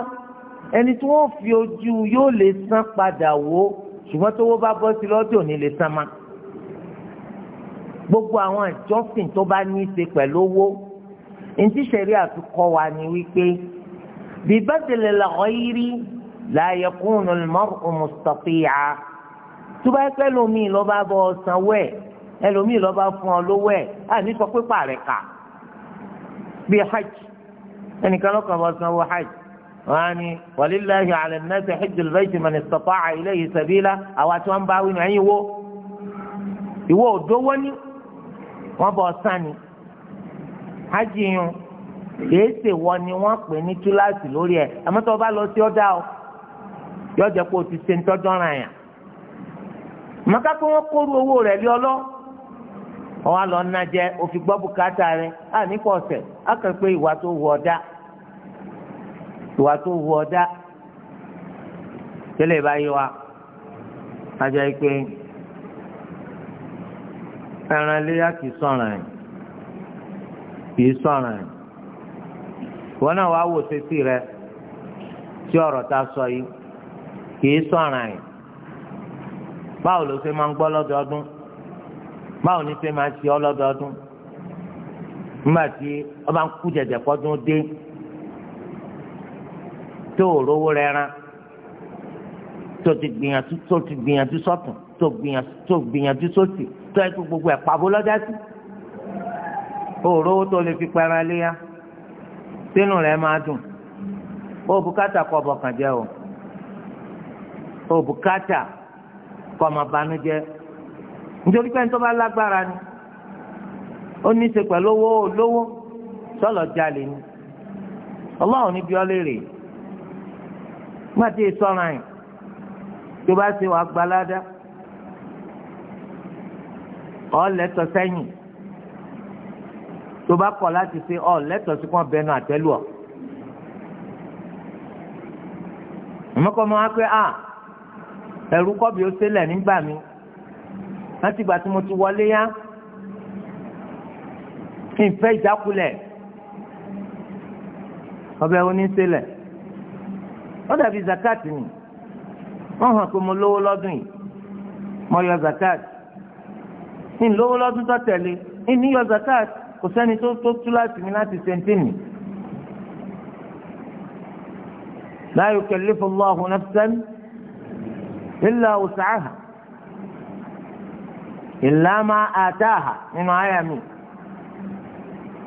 ẹni tí wọ́n fi ojú yóò lè san padà wò ṣùgbọ́n tówó bá bọ́ sí lọ́dọ̀ ní lè san ma. gbogbo àwọn ìjọsìn tó bá ní í ṣe pẹ̀lú owó ní tíṣẹ̀rí àti wa ni wípé bíbá ti lè lọ́ọ́ yírí la yakunu al-mar'u mustati'a tó bá pẹ́ lómi ló bá bọ́ sanwó ẹ̀ ẹlòmíì ló bá fún ọ lówó ẹ̀ àní sọ pé pààrẹ̀ kà bí hajj ẹnìkan lọ́kàn bọ́ sanwó hajj wọ́n á ní walillahi 'ala an-nasi hajjul bayti man istata'a ilayhi sabila àwa tí wọ́n bá wí ẹ̀yìn wo ìwọ òdówó ní wọ́n bọ̀ sani hajj yun kìí ṣèwọ ni wọ́n pè ní túláàsì lórí ẹ̀ àmọ́ bá lọ sí ọ́dà o. yóò jẹ́ o ti ṣe ń tọ́jú maka màkà kóru owó rẹ̀ lé lọ jẹ òfin gbọ bùkátà rẹ̀ a nípa ọsẹ á kàn pé ìwà tó wù ọdá ìwà tó wù ọ̀dá tẹ́lẹ̀ báyìí wa á jẹ́ pé ẹran iléyà kì í kì í wọn náà wò rẹ tí ọrọ ta sọ yìí. kìí sọ ara yẹn báwo ló ṣe máa ń gbọ́ lọ́dọọdún báwo ni ṣe máa ń ṣe ọ́ lọ́dọọdún nígbà tí ọba ń kú jẹjẹ kọ́dún dé tó o rówó rẹ rán tó ti gbìyànjú tó ti gbìyànjú sọ́tún tó gbìyànjú tó gbìyànjú sósì tó ẹ kó gbogbo ẹ̀ pàbó lọ́jà sí o rówó tó lè fi pẹran léyà sínú rẹ máa dùn o bùkátà kọ bọ̀kàn jẹ́ o. o bùkátà kọ́ máa banújẹ́ nítorí pé nítorí bá lágbára ni ó ní í ṣe pẹ̀lú owó olówó sọ̀lọ̀ jalè ni ọlọ́run ní bíọ́ léèrè má ti sọ̀ràn yìí tó bá ṣe wàá gbalada ọ̀lẹ́tọ̀ sẹ́yìn tó bá kọ̀ láti ṣe ọ̀lẹ́tọ̀ sí kan bẹnu àtẹ́lù ọ̀ àmọ́kọ́ máa pé a. Ah, ẹ̀rú kọ́bí ó sílẹ̀ nígbà mi láti ìgbà tí mo ti wọlé yá kí n fẹ́ ìjákulẹ̀ ọbẹ̀ oníṣẹ́lẹ̀ wọ́n dàbí zakat ni wọ́n hàn pé mo lówó lọ́dún yìí mo yọ zakat ní lówó lọ́dún tó tẹ̀lé ní yọ zakat kò sẹ́ni tó tó tú láti mi láti sẹ́ńtìnì. la yukallifu Allahu إلا وسعها إلا ما آتاها nínú àyà mi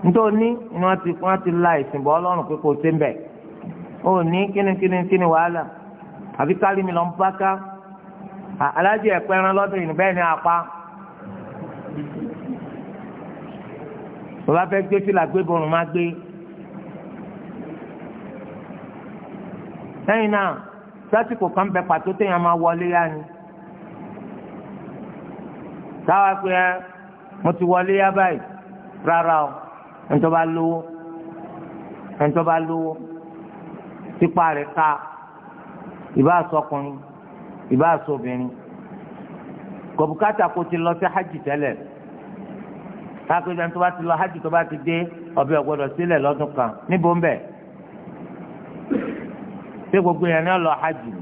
ntòní ni wọ́n ti wọ́n ti la ìsìnbọ̀ ọlọ́run pé kò sí mbẹ̀ ní kíni kíni kíni wàhálà àfi kárí mi lọ ń bá alájẹ ẹ̀pẹ́ ẹran yìí ni sásìkò kan bẹ pàtó téèyàn máa wọlé yá ni táwa pé ẹ mo ti wọlé yá báyìí rárá o ẹnitọ́ bá lówó ẹnitọ́ bá lówó tipa rẹ̀ ká ìbá sọkùnrin ìbá sọbìnrin kọ̀bùkátà kò ti lọ sí hajj tẹ́lẹ̀ káàkiri ẹnitọ́ bá ti lọ hajj tó bá ti dé ọbẹ̀ ọ̀gbọ́dọ̀ sílẹ̀ lọ́dún kan níbo ń bẹ̀. ṣé gbogbo yẹn ni ọlọ hajj ni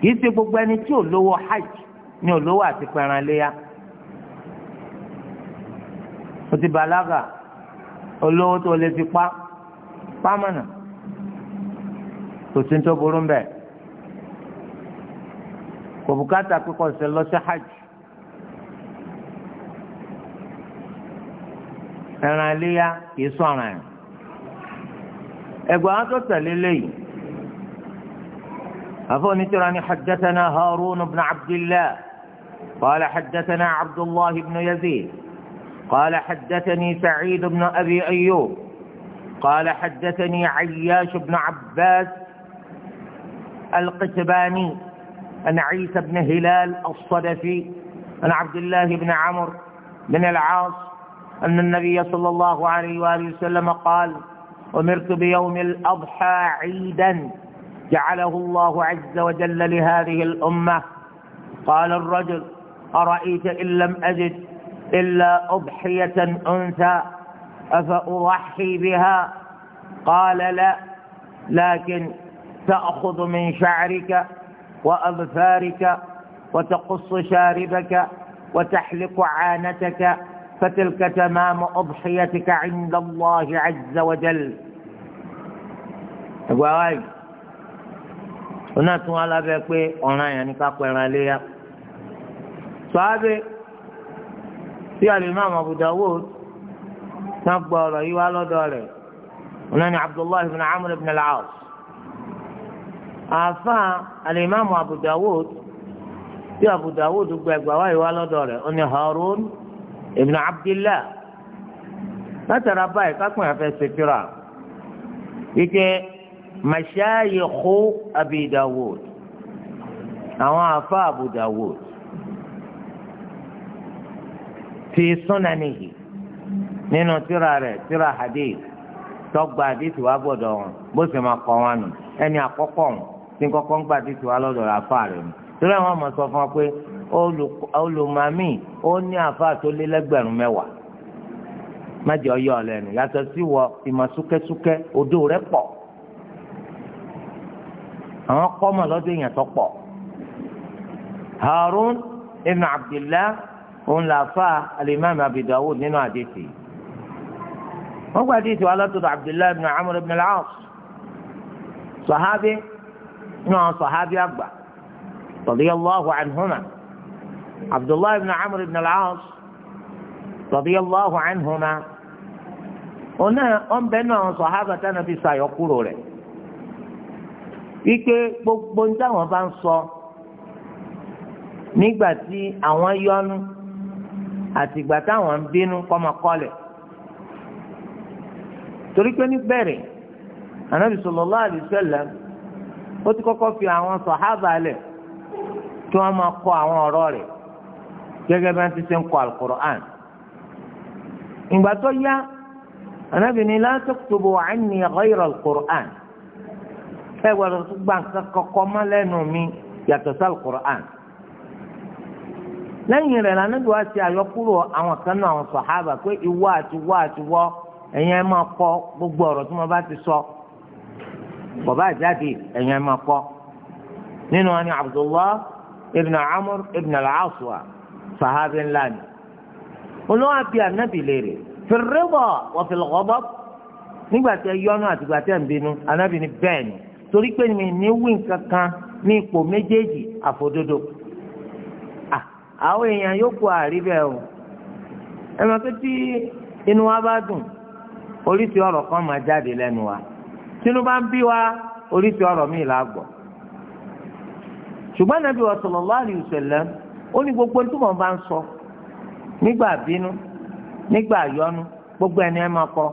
kìí ṣe gbogbo ẹni tí ò lówó hajj ni ò lówó àti pẹran léyà o ti balaga olówó tó lè fi pa pámánà kò sí tó burú mbẹ kò bùkátà kíkọ ṣe lọ sí hajj ẹran léyà kìí sọ ọ̀ràn yẹn. ẹgbàá tó tẹ̀lé lẹ́yìn أفونتراني حدثنا هارون بن عبد الله قال حدثنا عبد الله بن يزيد قال حدثني سعيد بن أبي أيوب قال حدثني عياش بن عباس القتباني عن عيسى بن هلال الصدفي عن عبد الله بن عمرو بن العاص أن النبي صلى الله عليه وآله وسلم قال أمرت بيوم الأضحى عيدا جعله الله عز وجل لهذه الأمة قال الرجل أرأيت إن لم أجد إلا أضحية أنثى أفأضحي بها قال لا لكن تأخذ من شعرك وأظفارك وتقص شاربك وتحلق عانتك فتلك تمام أضحيتك عند الله عز وجل ẹgbẹ́ wa yìí wọn náà tún alábẹ́ pé ọ̀ràn yẹn ní kápẹ́ ẹran léyà sọ́ábẹ́ tí alimami Abu Dawud náà gbọ́ ọ̀rọ̀ yìí wá lọ́dọ̀ rẹ̀ wọn náà ní Abdullahi ibn Amr ibn al-As àfa alimami Abu Dawud tí Abu Dawud gbẹgbẹ́ wa yìí wá lọ́dọ̀ rẹ̀ wọn ní Harun ibn abdillah látara báyìí kápẹ́ àfẹ́ sèkìrà wíkẹ́ mashayikhu abi dawud àwọn afa abu dawud fi sunanihi nínú tírà rẹ̀ tírà hadith tọgba àdìsí wa gbọ́dọ̀ wọn bó sì máa kọ wọn nù ẹni àkọ́kọ́ wọn tí kọ́kọ́ ń gba àdìsí wa lọ́dọ̀ rẹ̀ afa rẹ̀ nù torí àwọn ọmọ sọ fún wa pé olùmọ̀mí ó ní àfáà tó lé lẹ́gbẹ̀rún mẹ́wàá májẹ ọyọ ọlẹ́nu yàtọ̀ sí wọ ìmọ̀ súkẹ́súkẹ́ odò rẹ pọ̀ àwọn kọ́mọ̀ lọ́dún yẹn tó pọ̀ Harun ibn Abdullah òun làáfà alimami Abi Dawud nínú àdìsí wọ́n gba àdìsí wa látọ̀dọ̀ Abdullah ibn Amr ibn al-As sọ̀hábí ní àwọn sọ̀hábí àgbà radiyallahu anhuma. عبد الله بن عمرو بن العاص رضي الله عنهما ona ọ̀n bẹ́ẹ̀ náà sọ̀hábà tí Ànábì ṣàyọ wípé gbogbo ní táwọn bá ń sọ nígbà tí àwọn yọnu àtìgbà táwọn ń bínú torí pé ó ti kọkọ fi àwọn sọ kí máa kọ àwọn ọrọ gẹ́gẹ́ bí wọ́n ti ṣe ń kọ alukur'an. ìgbà tó yá anábì ní la taktubu anni ghayra alukur'an ẹ gbọ́dọ̀ tó gbà kọ́kọ́ mọ́ lẹ́nu mi yàtọ̀ sí alukur'an. lẹ́yìn rẹ̀ lànàbì wá sí àyọkúrò àwọn kan náà àwọn sàhábà pé ìwọ àti wọ àti wọ ẹ̀yin ẹ̀ kọ gbogbo ọ̀rọ̀ tí mo bá ti sọ bàbá àjáde ẹ̀yin ẹ̀ kọ nínú wọn ni ibn Amr ibn al-Aswa sàhábì ńlá ni olówó àbí ànábì léèrè fìrìbọ̀ wọ́n fi lọ́gọ́bọ́ nígbà tí ẹ yọnu àtìgbà tí ẹ ń bínú ànábì ni bẹ́ẹ̀ ni torí pé mi ní wí kankan ní ipò méjèèjì àfòdodo àwọn èèyàn yòókù àríbẹ̀ o ẹ mọ̀ pé tí inú wa bá dùn oríṣi ọ̀rọ̀ kan máa jáde lẹ́nu wa tínú bá ń bí wa oríṣi ọ̀rọ̀ míì là á sallallahu alaihi ó ní gbogbo tó mọ̀ bá ń sọ nígbà bínú nígbà yọnu gbogbo ẹni ẹ máa kọ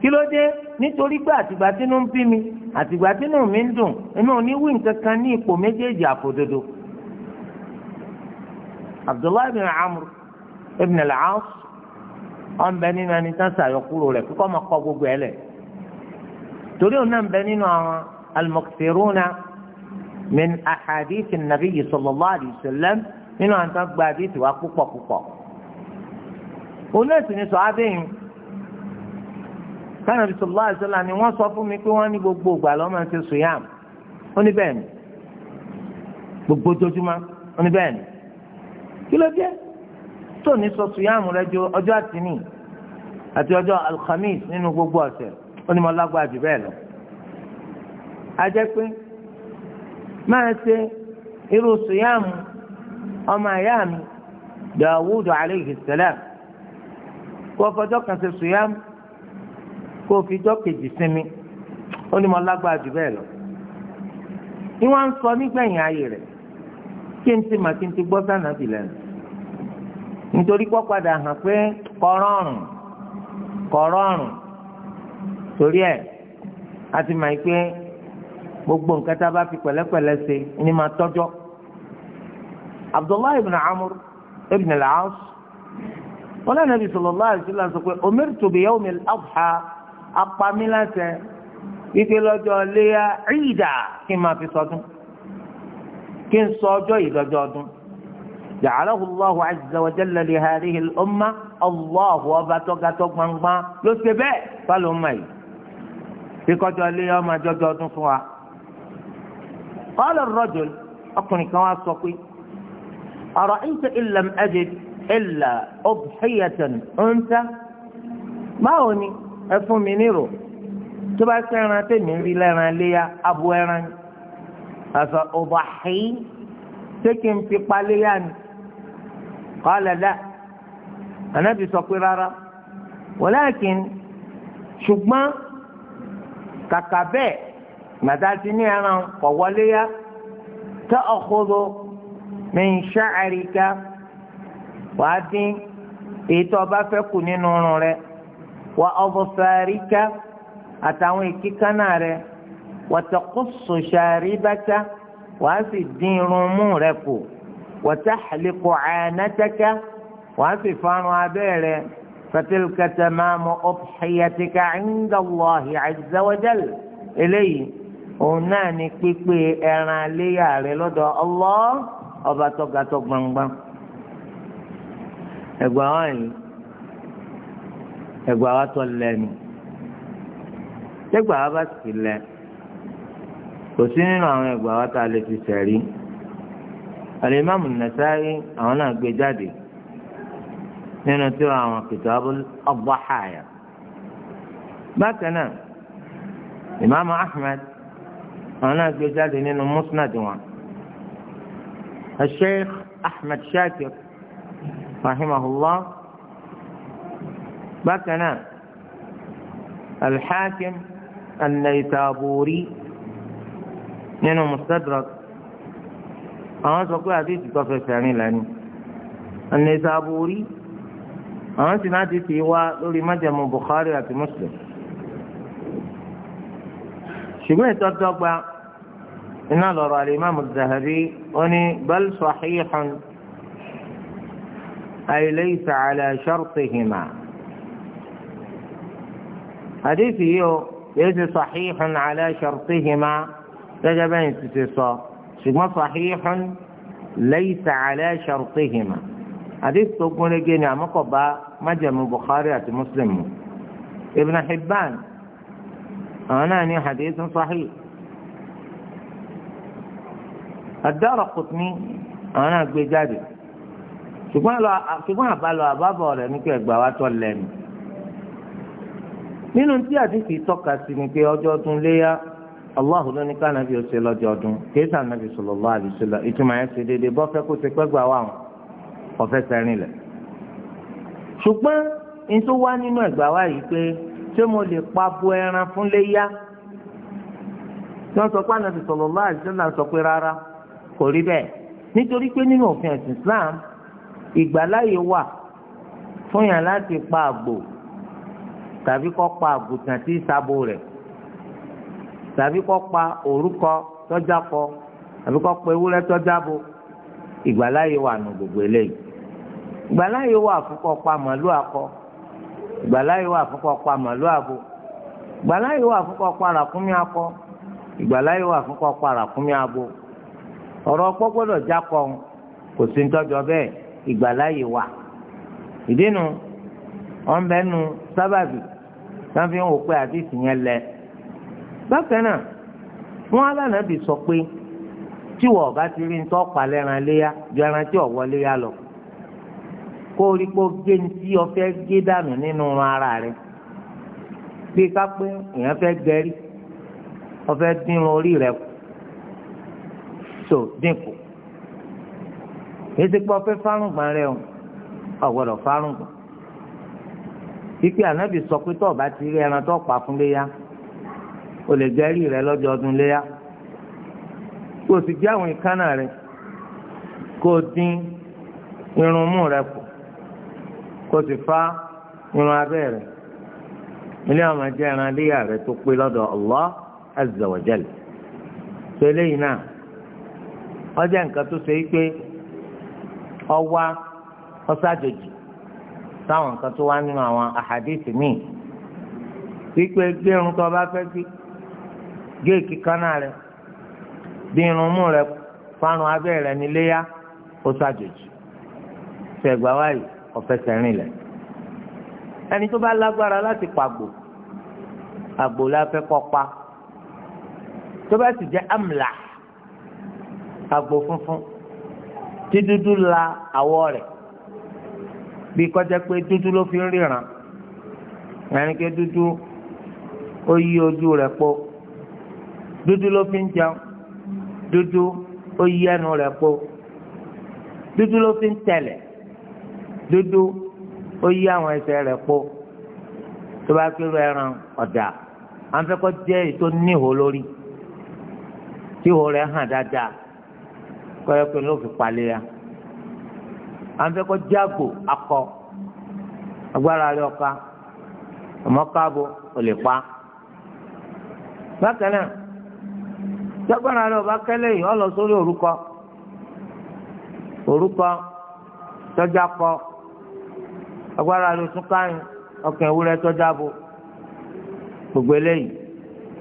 kí ló dé nítorí pé àtìgbà tínú ń bí mi àtìgbà tínú mi ń dùn èmi ò ní wí nǹkan kan ní ipò méjèèjì àfòdodo. Abdullahi bin Amr ibn al-As ọ̀n bẹ nínú ẹni tán sàyọkúrò rẹ̀ kíkọ́ máa kọ gbogbo ẹ lẹ̀ torí òun náà ń bẹ nínú àwọn al min ahadith an-nabiy sallallahu alayhi wa nínú àǹtá gba àdìsí wa púpọ̀ púpọ̀ òun náà sì ni sọ abẹ́yìn kánàbí sọlá àṣọlá ni wọ́n sọ fún mi pé wọ́n ní gbogbo ìgbà lọ́mọ ṣe sùyàm ó ní bẹ́ẹ̀ ni gbogbo ojoojúmọ́ ó ní bẹ́ẹ̀ ni kí ló dé tó ní sọ sùyàm rẹ ju ọjọ́ àtìní àti ọjọ́ alhamis nínú gbogbo ọ̀sẹ̀ ó ní mo lágbára jù bẹ́ẹ̀ lọ. a jẹ́ pé máa ṣe irú sùyàmù ọmọ ìyá mi dawud aleyhi salam kó o fọjọ́ kan ṣe sùyàm kó fijọ́ kejì sinmi ó ní mo ni wọ́n ń sọ nígbẹ̀yìn ayé rẹ̀ kí n ti mà kí n ti gbọ́ sànà bì lẹ́nu nítorí pọ́ padà hàn pé kọ́rọ́ọ̀rùn kọ́rọ́ọ̀rùn torí ẹ̀ a ti mà gbogbo nǹkan tá a fi pẹ̀lẹ́pẹ̀lẹ́ ṣe ni tọ́jọ́. abdullahi ibn amur ibn al-aas wọn náà nàbí sallallahu alaihi wasallam sọ pé umirtu bi yawm al-adha apamílàṣẹ ike lọ́jọ́ léyà ìdá kí n máa fi sọdún kí n sọ ọjọ́ ìdọ́jọ́ ọdún ja'alahu Allahu azza wa jalla li hadhihi al-umma Allahu ọba tọ́gatọ́ gbangban ló ṣe bẹ́ẹ̀ fálọ́ ọmọ yìí kíkọ́jọ́ léyà ọmọ àjọjọ́ ọdún fún wa. qala ar-rajul ọkùnrin kan wá sọ pé. أرأيت إن لم أجد إلا أضحية أنثى؟ ما هوني أفمينيرو تبا سيناتي من ريلانا ليا أبوانا أفا أضحي تكن في قليان يعني. قال لا أنا بسقرارة ولكن شبما كاكابي مدات أنا فوليا تأخذ min sha'rika wàá dín èyí tó o bá fẹ́ kù nínú wa wa taqussu sharibaka wàá si dín irun mú rẹ kù wa tahliqu 'anataka abere, sì farun abẹ́ فتلك تمام أضحيتك عند الله عز وجل إليه هناني كيكي أنا الله ọba tọ́ga tọ́ gbangba ẹ̀gbà wa yìí ẹ̀gbà wa tọ́ lẹ́nu tẹ́gbà wa bá sì lẹ́ kò sí nínú àwọn ẹ̀gbà wa tá a lè fi sẹ̀rí alimami nasaayi àwọn náà gbé jáde nínú tí àwọn Kitabul Adhahaya bákan náà imaamu Ahmad àwọn náà gbé jáde nínú musnad wọn. الشيخ أحمد شاكر رحمه الله بكنا الحاكم النيسابوري nínú mustadrak àwọn sọ pé àdéhùn tó fẹsẹ̀ rìn lẹ́nu an-Naysaburi àwọn sì láti fi wá lórí májẹ̀mú Bukhari àti Muslim ṣùgbọ́n ìtọ́jọ́gba. نظر الإمام الذهبي أني بل صحيح أي ليس على شرطهما حديثه ليس صحيح على شرطهما تجبين أن ثم صحيح ليس على شرطهما حديث تقول لكينا مقبا مجمع بخاري مسلم ابن حبان أنا حديث صحيح Ad-Daraqutni àwọn náà gbé jáde ṣùgbọ́n àbálọ àbábọ̀ rẹ̀ ní pé ẹgbà wa tọ́ lẹ́nu. nínú tí àdìsí tọ́ka sí ni pé ọjọ́ ọdún léyà Allahu ló ní ká nàbí lọ́jọ́ ọdún kéésà nàbí ìtumọ̀ ṣe déédéé bọ́ fẹ́ kó pẹ́ gbà wọn ọ̀fẹ́ sẹ́rin lẹ̀. ṣùgbọ́n mo lè pa bo ẹran fún léyà wọ́n sọ pé kò rí bẹ́ẹ̀ nítorí pé nínú òfin ẹ̀sìn Islam ìgbàláyè wà fún yàn láti pa àgbò tàbí kó pa àgùntàn tí ìsabo rẹ̀ tàbí kó pa òrúkọ tọ́já kọ tàbí kó pa ewúrẹ́ tọ́já bo ìgbàláyè wà nù gbogbo eléyìí ìgbàláyè wà fún kó pa màlúù akọ ìgbàláyè wà fún kó pa màlúù abo ìgbàláyè wà fún kó pa ràkúnmí akọ ìgbàláyè wà fún kó pa ràkúnmí abo. ọ̀rọ̀ ọpọ́ gbọ́dọ̀ jákọ̀ kò sí nítọ́jọ́ bẹ́ẹ̀ ìgbàláyè wà ìdínú wọn sábàbí wọn fi ń wò pé yẹn lẹ bákan náà sọ pé ti rí nítọ́ palẹ́ran léyà ju lọ kó gé gé dànù nínú ara rẹ pé èèyàn fẹ́ dín orí rẹ so dínkù èsì pọ̀ fárùngbọ̀n rẹ o ọ̀gbọ́dọ̀ fárùngbọ̀n pípé ànábì sọ pé tó bá ti rí ẹran tó pa fún léyà o lè gẹ́rì rẹ lọ́jọ́ o sì jẹ́ àwọn ìkánná rẹ kó o dín irun mú rẹ kù o sì fa irun abẹ́ rẹ ilé àwọn ajẹ́ ẹran léyà rẹ tó pé lọ́dọ̀ Allah azza tó eléyìí náà. ọjọ́ nǹkan tó ṣe pé ọwá ọ̀sàjòjì táwọn nǹkan tó wá nínú àwọn àhàdíìsì míì wípé gbé irun tó bá fẹ́ gbé gé kíkánná rẹ bí irun mú rẹ fárun abẹ́ rẹ níléyà ọ̀sàjòjì ṣẹ̀gbá wáyé ọ̀fẹsẹ̀rin lẹ̀ ẹni tó bá lágbára láti pàgbò àgbò la fẹ́ kọ́ pa tó bá sì jẹ́ amla agbo funfun tí dúdú la àwọ̀ rẹ̀ bí kọjá pé dúdú ló fi ń ríran ẹ̀rín pé dúdú ó yí ojú rẹ̀ po dúdú ló fi ń jẹun dúdú ó yí ẹnu rẹ̀ po dúdú ló fi ń tẹ̀lẹ̀ dúdú ó yí àwọn ẹsẹ̀ rẹ̀ po tó bá kéré ẹran ọ̀dà à ń fẹ́ kọ́ jẹ́ níhò lórí tíhò rẹ̀ hàn dáadáa. kọyọ pé ní o fi palẹ̀ ya fẹ́ kọ́ jágò akọ agbára rẹ ọka ọmọ káàbọ ò lè pa bákan jágbára rẹ ọba kẹlẹ yìí ọlọ sórí orúkọ orúkọ tọjá kọ agbára rẹ tún káyìn ọkàn ewúrẹ́ tọjá gbogbo eléyìí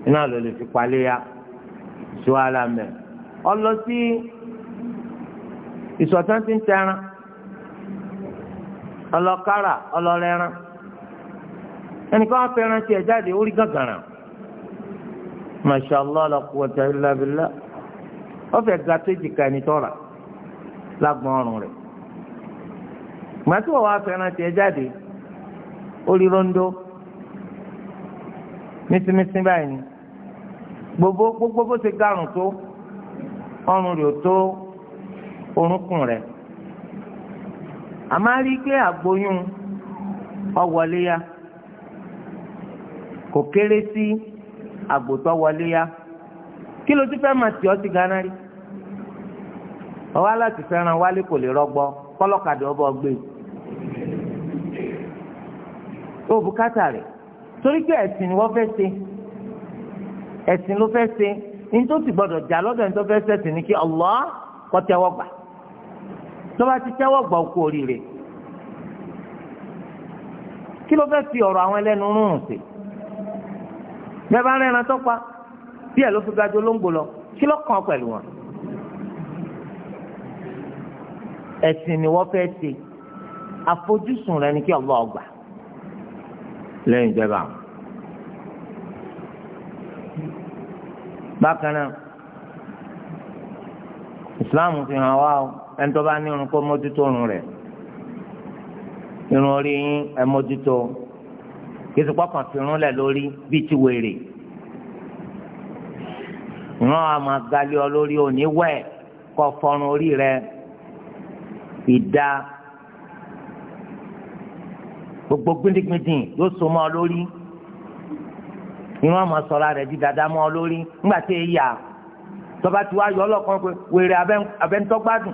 iná ló lè fi palẹ̀ ya ọ lọ sí. ìsọ̀tán ti ń tẹran ọlọ́kárà ọlọ́lẹ́ran ẹnìkan á fẹ́ràn tiẹ̀ jáde orí gàngàrà mashallah la quwwata illa billah ọfẹ ga tó èjìká ẹni tọ́ra lágbọ̀n ọrùn rẹ̀ gbàtí wọ́n wá fẹ́ràn tiẹ̀ jáde orí rondo mísímísí báyìí ni gbogbo gbogbo bó ṣe gàrùn tó ọrùn rẹ̀ tó. orúnkún rẹ̀ àmọ́ a rí i pé àgboyún ọ̀wọ́lé ya kò kéré sí àgbòtọ́ wọlé kí ló ti fẹ́ máa tì ọ́ ti gánà rí ọwọ́ aláti fẹ́ràn wálé kò lè rọgbọ kọ́lọ́kadà ọba gbé o bùkátà rẹ̀ torí pé ẹ̀sìn ni wọ́n fẹ́ ṣe ẹ̀sìn ló fẹ́ ṣe ní tó ti gbọ́dọ̀ jà lọ́dọ̀ ní tó fẹ́ ṣẹ̀sìn ni kí Allah kó tẹ́wọ́ gbà. tó bá ti tẹ́wọ́ gbà okú oríire kí ló fẹ́ fi ọ̀rọ̀ àwọn ẹlẹ́nu rún sí bẹ́ẹ̀ bá rẹ́ran tọ́pa bí ẹ̀ ló fi gbajú olóńgbò lọ kí ló kàn pẹ̀lú wọn. ẹ̀sìn ni wọ́n fẹ́ ṣe àfojúsùn rẹ ni kí ọlọ́ ọgbà lẹ́yìn ìjọba àwọn. bákan náà ìsìláàmù fi hàn wá o ẹni tó bá ní irun kó mójútó irun rẹ̀ irun orí yín ẹ mójútó kí sì pọ́kàn fi irun lẹ̀ lórí bíi ti wèrè ìran àmọ́ agalẹ́ ọ lórí òní kọ́ fọrun orí rẹ ìdá gbogbo gbindigbindin yóò so mọ́ ọ lórí ìran àmọ́ sọ̀rọ̀ rẹ̀ di dada mọ́ ọ lórí ńgbà tí èyí à tọ́ba tí wàá yọ ọlọ́kan pé wèrè abẹ́ńtọ́gbádùn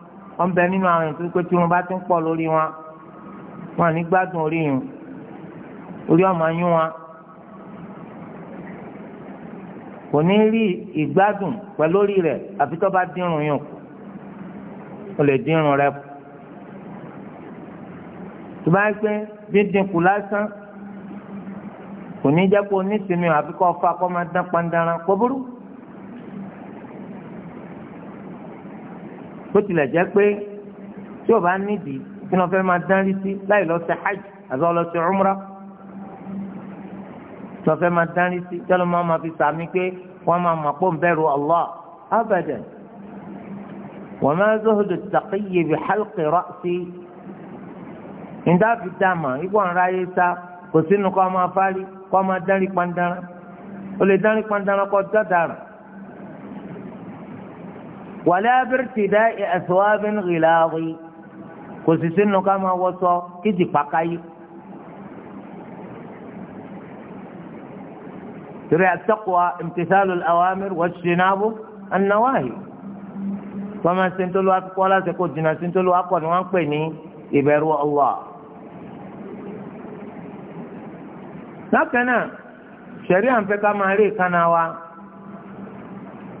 wọ́n bẹ nínú àwọn ètò pé tí wọ́n bá ti ń pọ̀ lórí wọn wọn ní gbádùn orí yìí orí ọmọ yín wọn kò ní rí ìgbádùn pẹ̀lú orí rẹ̀ àfi tó bá dínrùn yàn o lè dínrùn rẹ kù tó bá ń pẹ́ dídín kù lásán kò ní jẹ́ kó o ní sinmi àfi kó o fa kó o máa dán pandanran kó burú. bó tilẹ̀ jẹ́ pé tí o bá nídìí kí wọ́n fẹ́ máa dán rí sí láì lọ sí hajj àti ọ lọ sí umra tí wọ́n fẹ́ máa dán rí sí tí wọ́n máa fi sàmì pé wọ́n máa mọ̀ pé ń bẹ̀rù Allah abadan wa ma zuhdu at-taqiyyi bi halqi ra'si níta fi dá mọ̀ ibò sá kò sínú kọ́ máa fárí kọ́ máa dán pandára o lè dán pandára kọ́ dọ́dàrà wàlẹ́ abirti dá ẹ̀sọ́wábìn rìláwì kò sì sínú ká máa wọ́sọ kíjì pàkáyé. torí àtọ́kùwà ìmùtìsálù àwámírù wọ́n ṣe náà bó anáwáyé wọ́n máa ṣe ń tó lọ́wọ́ akọ́ láti kó jìnnà sí ń tó lọ́wọ́ akọ́ ni wọ́n ń pè ní ìbẹ̀rù Allah. lákànnà ṣẹ̀rí à ń fẹ́ ká máa rí ìkànnà wa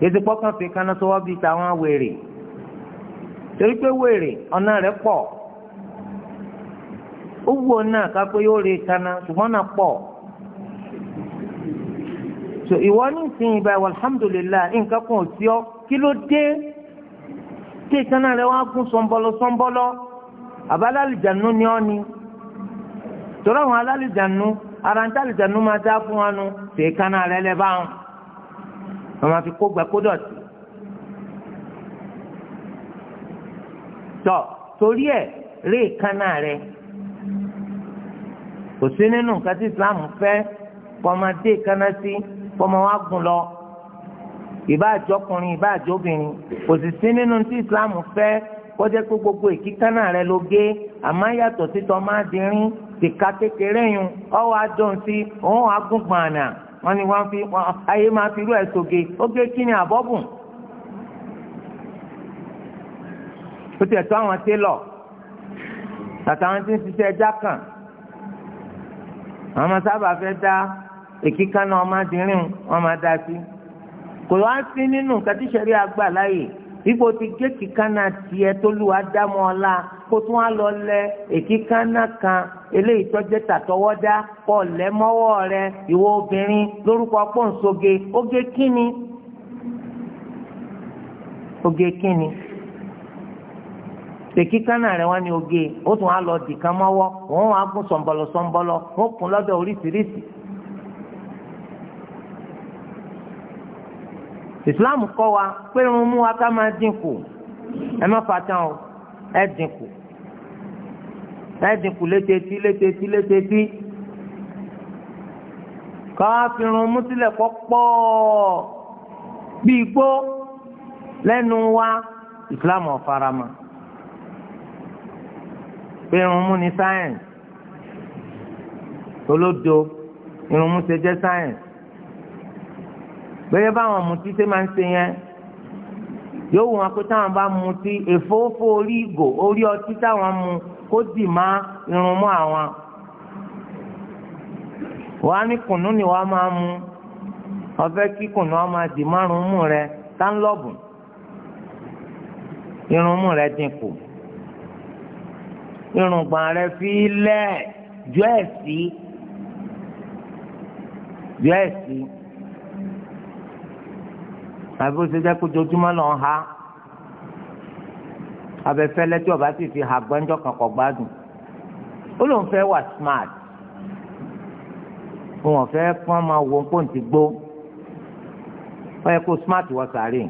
yéésì pọ́kàn fi kaná tó wá bí tàwọn wèrè torí pé wèrè ọ̀nà rẹ̀ pọ̀ ó wù ọ náà ká pé yóò rí kaná ṣùgbọ́n náà pọ̀ so ìwọ ní ìsìn ìgbà ìwà alhamdulillah nǹkan kan ò sí ọ kí ló dé tí ìkaná rẹ̀ wá gún sọmbọlọ sọmbọlọ àbálàlìjànú ni ọ ni tọ́lá àwọn alálìjànú ara máa dá fún wa nu tèékaná rẹ̀ lẹ́ bá wọn wọn máa fi kó gba kó dọ̀tí. tọ torí ẹ rí ìkánná rẹ kò sí nínú nǹkan tí Islam fẹ́ kọ́mọdé ìkánná sí kọ́mọ wa gùn lọ ìbá àjọkùnrin ìbá àjọbìnrin kò sì sí nínú tí Islam fẹ́ kọjá pé gbogbo ìkíkánná rẹ ló gé àmọ́ yàtọ̀ títọ́ máa dín rín tìka kékeré yun ọwọ́ adùn sí òun àgùngbọ̀n àná wọ́n ní wọ́n fi ayé máa fi irú ẹ̀ soge ó gé kíni àbọ́bùn ó tiẹ̀ tó àwọn télọ̀ tàtà àwọn tí ń ṣiṣẹ́ ẹja kàn àwọn sábà fẹ́ dá èkíkà náà ọmọdéńrìn wọn máa dá sí kò wá sí nínú kàtíṣẹ́rí àgbà láyè. ipò ti gé kíkánná tiẹ̀ tó lù wá dámọ́ ọ̀la kó tún á lọ lẹ èkíkánná kan eléyìí tọ́jẹ́ tàtọwọ́dá kọ́ rẹ ìwọ obìnrin lórúkọ oge kíni oge kíni èkíkánná rẹ wá oge ó tún á lọ dìkan mọ́wọ́ òun á gún sọ̀nbọ̀lọ̀ sọ̀nbọ̀lọ̀ ó kún Islam kọ́ wa pé irun mú wa ká máa dínkù ẹ má fàtàn o ẹ dínkù ẹ dínkù létetí létetí létetí ká fi irun mú sílẹ̀ kọ́ pọ̀ bí igbó lẹ́nu wa ìsìláàmù ọ̀farama pé irun mú ni sáyẹ̀nsì olódo irun mú ṣe jẹ́ sáyẹ̀nsì gbẹ́yẹ́ báwọn ọ̀mùtí ṣe máa ń ṣe yẹn yóò wù wọn pé táwọn bá mutí èfófó orí ìgò orí ọtí táwọn mu kó dì má irun mọ́ àwọn. wọ́n á ní kùnú ni wọ́n máa mu ọ̀fẹ́ kí kùnú wọn máa dì márùn-ún mú rẹ tánlọ́ọ̀bù irun mú rẹ dínkù irùngbọ̀n rẹ fi lẹ̀ jọ́ ẹ̀ sí jọ́ ẹ̀ sí tàbí ó ṣe jẹ́ kó jojúmọ́ lọ ha abẹ́fẹ́lẹ́ tí ọba sì fi ha gbọ́njọ́ kan kọ̀ gbádùn ó lóun fẹ́ wà smart wọn fẹ́ fún ọmọ wo kó ti gbó ó yẹ kó smart wọ sàárè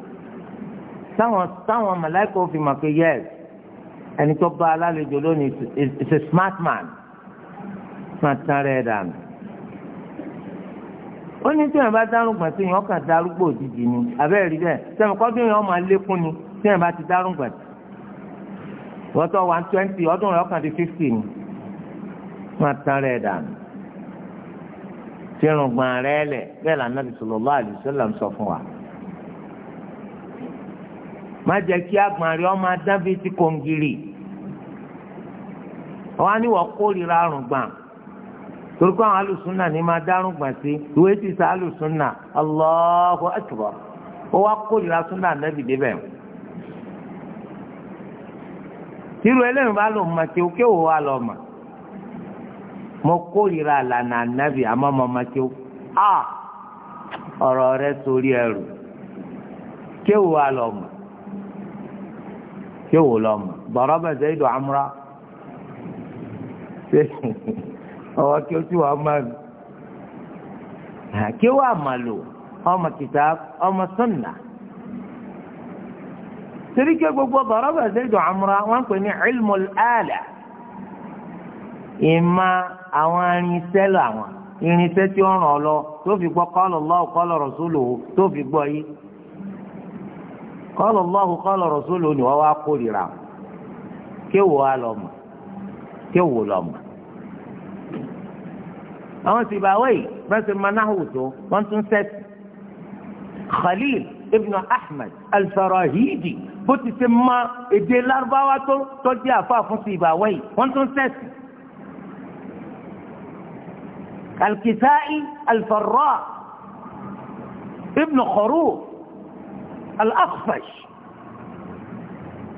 táwọn táwọn mọ̀láìkọ́ fi mọ̀ pé yẹ́s ẹni tó bá alálejò lónìí is a smart man Smart tán rẹ̀ dànù. ó ní tí wọn bá dárúgbà tí yẹn ọkàn ni àbẹ́rẹ́ rí bẹ́ẹ̀ sẹ́mi lékún ni tí ti dárúgbà tí wọ́n tọ́ one twenty ọdún rẹ̀ ọkàn di fifty ni wọ́n tán rẹ̀ dànù tírun gbọ̀n rẹ̀ lẹ̀ bẹ́ẹ̀ l'Ànábì sallallahu alaihi wasallam sọ fún wa má jẹ́ kí agbọ̀n rẹ̀ ọmọ adábí ti kòǹgìrì wọ́n á ní wọ́n kórìíra torúkọ àwọn alùsùnà ní máa dárùn gbọ̀n sí ìwé ti sa alùsùnà Allahu akbar ó wá kórìíra súnà nẹ́bì débẹ̀. tírú ẹlẹ́rìn bá lò mọ̀ kí o kí lọ mo kórìíra àmọ́ a ọ̀rọ̀ rẹ sórí ẹrù kí o lọ mọ̀ kí lọ bọ̀rọ̀ bẹ̀ sẹ́yìn dùn ọwọ́ kí o ti wà ọmọ rẹ kí o lò ọmọ ọmọ torí ké gbogbo bọ̀rọ̀ bẹ̀ àmúra wọ́n pè ní ala ìmọ̀ àwọn irinṣẹ́ làwọn irinṣẹ́ tí ó ràn ọ́ lọ tó fi gbọ́ tó fi gbọ́ yìí qala Allahu qala rasuluhu ni wọ́n wá kórìíra kéwòó kéwòó àwọn sì bá wẹ̀yì bẹ́ẹ̀ sì máa náhùn tó wọ́n tún sẹ́ẹ̀tì Khalil ibn Ahmad al-Farahidi bó ti ṣe ma èdè lárúbáwá tó tọ́jú àfa fún sí ìbá wẹ̀yì wọ́n tún sẹ́ẹ̀tì. الكسائي الفراء ابن خروف الأخفش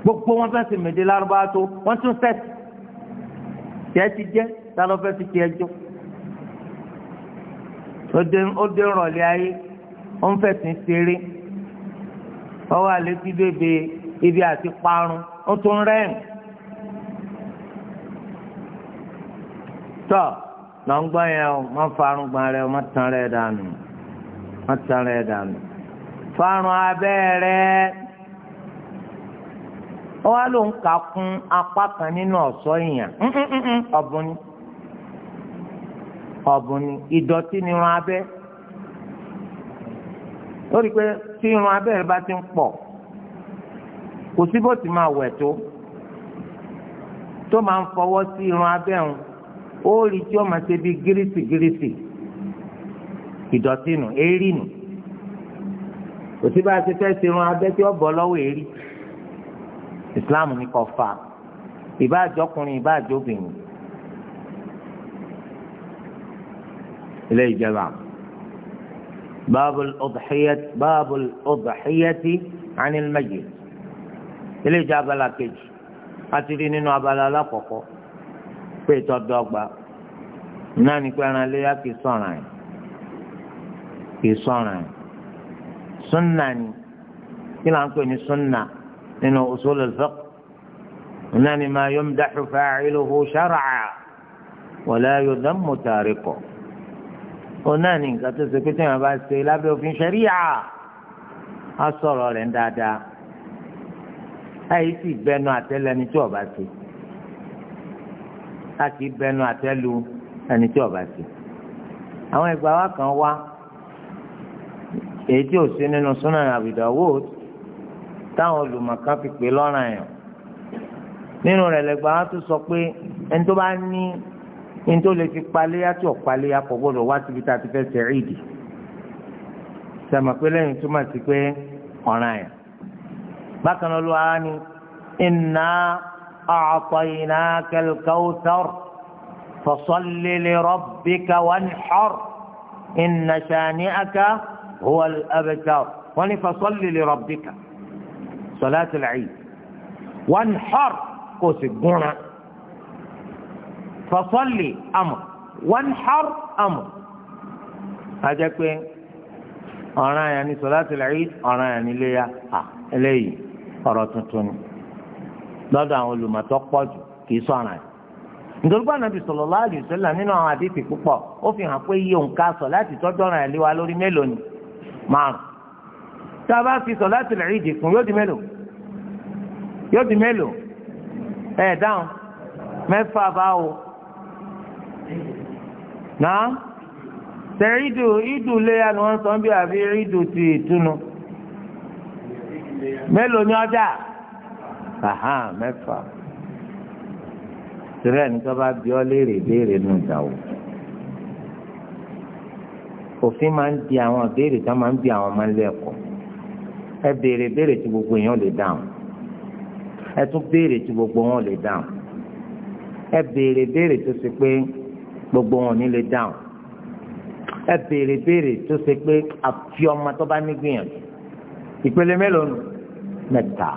gbogbo wọn fẹẹ sì mèdè lárúbáwá tó wọn tún sẹẹsì tiẹ ti jẹ tá ló fẹẹ sì tiẹ jó ó dé rọ̀lẹ́ ayé ó ń fẹ̀sìn ṣeré ọwọ́ àlẹ́ tí bèbè ibi àti parun ó tún rẹ́ẹ̀n. tọ́ lọ ń gbọ́ yẹn o má farun gbọ́n rẹ o má tan rẹ dànù má tan rẹ dànù farun abẹ́rẹ́ ó wá ló ń kà kún apá kan nínú ọ̀ṣọ́ ìyàn ọ̀bùn ọ̀bùn ni ìdọ̀tí ni irun abẹ́ ó rí i pé tí irun abẹ́ rẹ bá ti ń pọ̀ kò sí bó ti máa wẹ̀ tó tó máa ń fọwọ́ sí irun abẹ́ òun ó rí i tí ó máa ṣe bí gírísì gírísì ìdọ̀tí nù èrí nù kò sí bá a ṣe fẹ́ ṣe irun abẹ́ tí ó bọ́ lọ́wọ́ èrí Islam ní kò fà ìbá àjọkùnrin ìbá àjọbìnrin. ilé ìjọba báàbùl ọ̀dùxíyàtì báàbùl ọ̀dùxíyàtì anil mayyit ilé ìjọ abala kejì láti rí nínú abala alákọ̀ọ́kọ́ pé ìtọ́dọ́gba náà ní pé ẹran léyà kì í sọ̀ràn ẹ̀ kì í sọ̀ràn ẹ̀ sunna ni kí là ń pè ní sunna nínú usul al-fiqh náà ni ma yumdahu fa'iluhu shar'a wa la yudhammu tariquhu òun náà ní nǹkan tó ṣe pé tí wọn bá ṣe lábẹ́ òfin ṣẹ̀ríyà á sọ̀rọ̀ rẹ̀ dáadáa láyé sì bẹnu àtẹ́lu ẹni tí ọba ṣe a kì í bẹnu àtẹ́lu ẹni tí ọba ṣe àwọn ìgbà wa kan wá èyí tí ò sí nínú Sunan Abi Dawud táwọn olùmọ̀kan fi pè lọ́ràn yàn nínú rẹ̀ lẹ́gbàá wa tó sọ pé ẹni tó bá ní ní tó lè fi paléyà tí ò paléyà pọ̀ gbọ́dọ̀ wá síbi tá a ti fẹ́ ṣe ìdì sàmà pé lẹ́yìn túmọ̀ sí pé ọ̀ràn yẹn bákan náà ló wá ní inna a'tainaka al-kawthar fasalli li rabbika wanhar inna shani'aka huwa al-abtar wọ́n ní fasalli li rabbika salatul 'eid wanhar kò sì gúnra. fasalli amr wanhar amr ajẹ́ pé ọ̀ràn yẹn ni sọláàtì lẹ́yìn yẹn ni léyà à eléyìí ọ̀rọ̀ tuntun ni lọ́dọ̀ àwọn olùmọ̀tọ́ pọ̀ jù kì í sọ̀ràn yẹn nítorí pé ànábì sallallahu alaihi nínú àwọn àdéhùn púpọ̀ ó fi hàn pé iye òǹkà sọ̀láàtì tọ́jú ọ̀ràn yẹn lé wa lórí mélòó ni márùn tá a bá fi na. ṣe idu idu leya ni wọ́n sọ ń bí àbí ti ìtúnu melo ni ọjà mẹ́fà tìrẹ nìkan bá bí ọ léèrè béèrè nù dà o òfin máa ń di àwọn béèrè tá máa ń bi àwọn máa ń lé ẹ̀kọ́ ẹ béèrè béèrè tí gbogbo èèyàn lè dáhùn ẹ tún béèrè gbogbo wọn lè dáhùn ẹ béèrè béèrè tó gbogbo wọn ní lè down. ẹ béèrè béèrè tó ṣe pé àfi ọmọ tó bá ní gbìyànjú ìpele mélòó nù mẹ́ta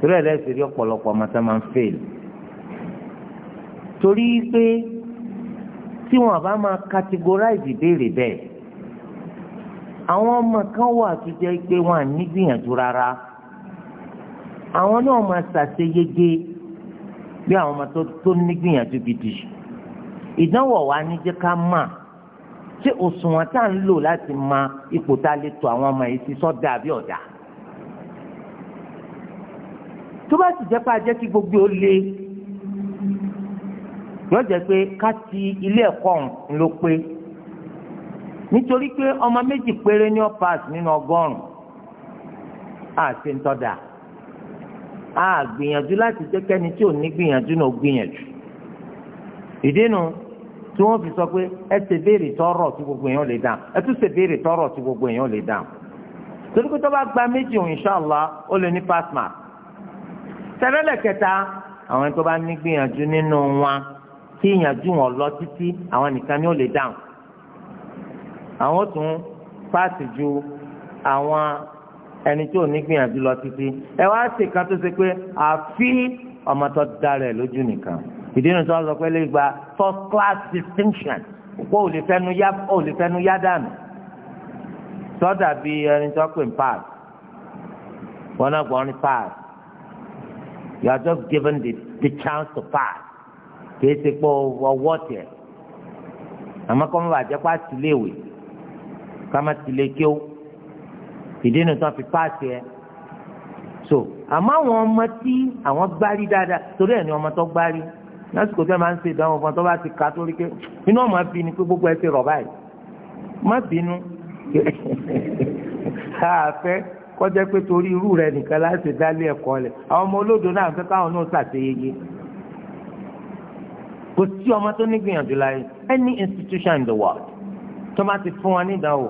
torí ẹ lẹsẹ rí ọ̀pọ̀lọpọ̀ ọmọ tó máa ń fèèlì torí pé tí wọn bá máa categorize ìbéèrè bẹ́ẹ̀ àwọn ọmọ kan wà tó jẹ́ pé wọn à ní gbìyànjú rárá àwọn náà máa ṣàṣeyege bí àwọn ọmọ tó ní gbìyànjú gidi ìdánwò wa ní jẹ́ ká mà ṣé òṣùwọ̀n tá à ń lò láti mọ ipò tá a lè tò àwọn ọmọ yìí sí sọ́dà àbí ọ̀dà tó bá sì jẹ́ pé a jẹ́ kí gbogbo ó le yóò jẹ́ pé ká ti ilé ẹ̀kọ́ ń ló pé nítorí pé ọmọ méjì péré ní ọ́pàs nínú ọgọ́rùn-ún á ṣe ń tọ́da á gbìyànjú láti jẹ́ kẹ́ni tí ò ní gbìyànjú náà gbìyànjú ìdínú tí wọ́n fi sọ pé ẹ ṣe béèrè tọrọ tí gbogbo èèyàn lè dáhùn ẹ tún ṣe béèrè tọrọ tí gbogbo èèyàn lè dáhùn torí pé tó bá gba méjì òun inṣàlá ó lè ní pass mark tẹ́lẹ̀lẹ̀ kẹta àwọn tó bá ní gbìyànjú nínú wọn tí ìyànjú wọn lọ títí àwọn nìkan ni ó lè dáhùn àwọn tún paasi ju àwọn ẹni tí ò ní gbìyànjú lọ títí ẹ wá ṣèkan tó ṣe pé àfi ọmọ tó dára ẹ lójú nìkan ìdí nu sọ sọ pé lè gba first class distinction kó o lè fẹnu yá o lè fẹnu yá dànù sọdà bí ẹni tó pè ń pass wọn náà gbọ́n ní pass you are just given the the chance to pass kìí ṣe pé ọwọ́ tẹ̀ àmọ́ kọ́ mọ́ bàjẹ́ pa tìléèwé ká má tìléèkéwó ìdí nu tó fi pass yẹ so àmọ́ àwọn ọmọ tí àwọn gbárí dáadáa torí ẹ̀ ni ọmọ tó gbárí lásìkò tẹ́ máa ń ṣe ìdánwò fún ọ tó bá ti ka torí pé inú ọmọ bí ni pé gbogbo ẹ ti rọ̀ báyìí má bínú káàfẹ́ kọjá pé torí irú rẹ nìkan láti dálé ẹ̀kọ́ lẹ̀ àwọn ọmọ olódo náà fẹ́ káwọn náà ṣàṣeyege kò sí ọmọ tó ní gbìyànjú láyé any institution in the world tó máa ti fún wa ní ìdánwò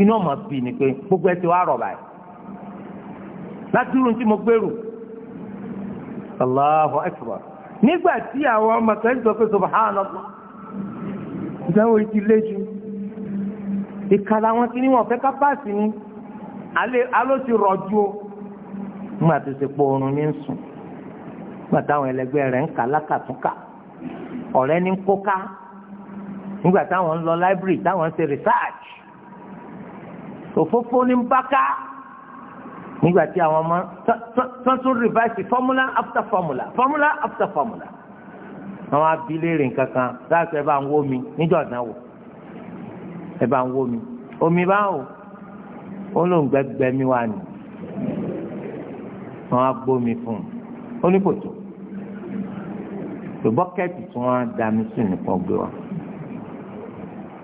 inú ọmọ bí ni pé gbogbo ẹ ti wá rọ̀ báyìí ládùúrú tí mo gbèrú Allahu Akbar. nígbà tí àwọn ọmọ kan sọ pé subhanallah ìdáwó ìdí léjú ìkàlà wọn ti ní wọn fẹ́ ká ni aló ti o nígbà tó ti pọ̀ oorun ní sùn nígbà táwọn ẹlẹgbẹ́ rẹ̀ ń kà lákàtúnkà ọ̀rẹ́ ní kóká nígbà táwọn ń lọ nígbà tí àwọn ọmọ tọ́tún rìváìsì fọ́múlà after fọ́múlà fọ́múlà after fọ́múlà àwọn abiléèrè kankan láti ẹ bá ń wó mi níjọ́ ìdánwò ẹ bá ń wó mi omi báwo ó lóun gbẹgbẹ mi wá ni wọn á gbómi fún un ó ní kò tó pé bọ́kẹ́tì tí wọ́n á da mi sí nìkan gbé wa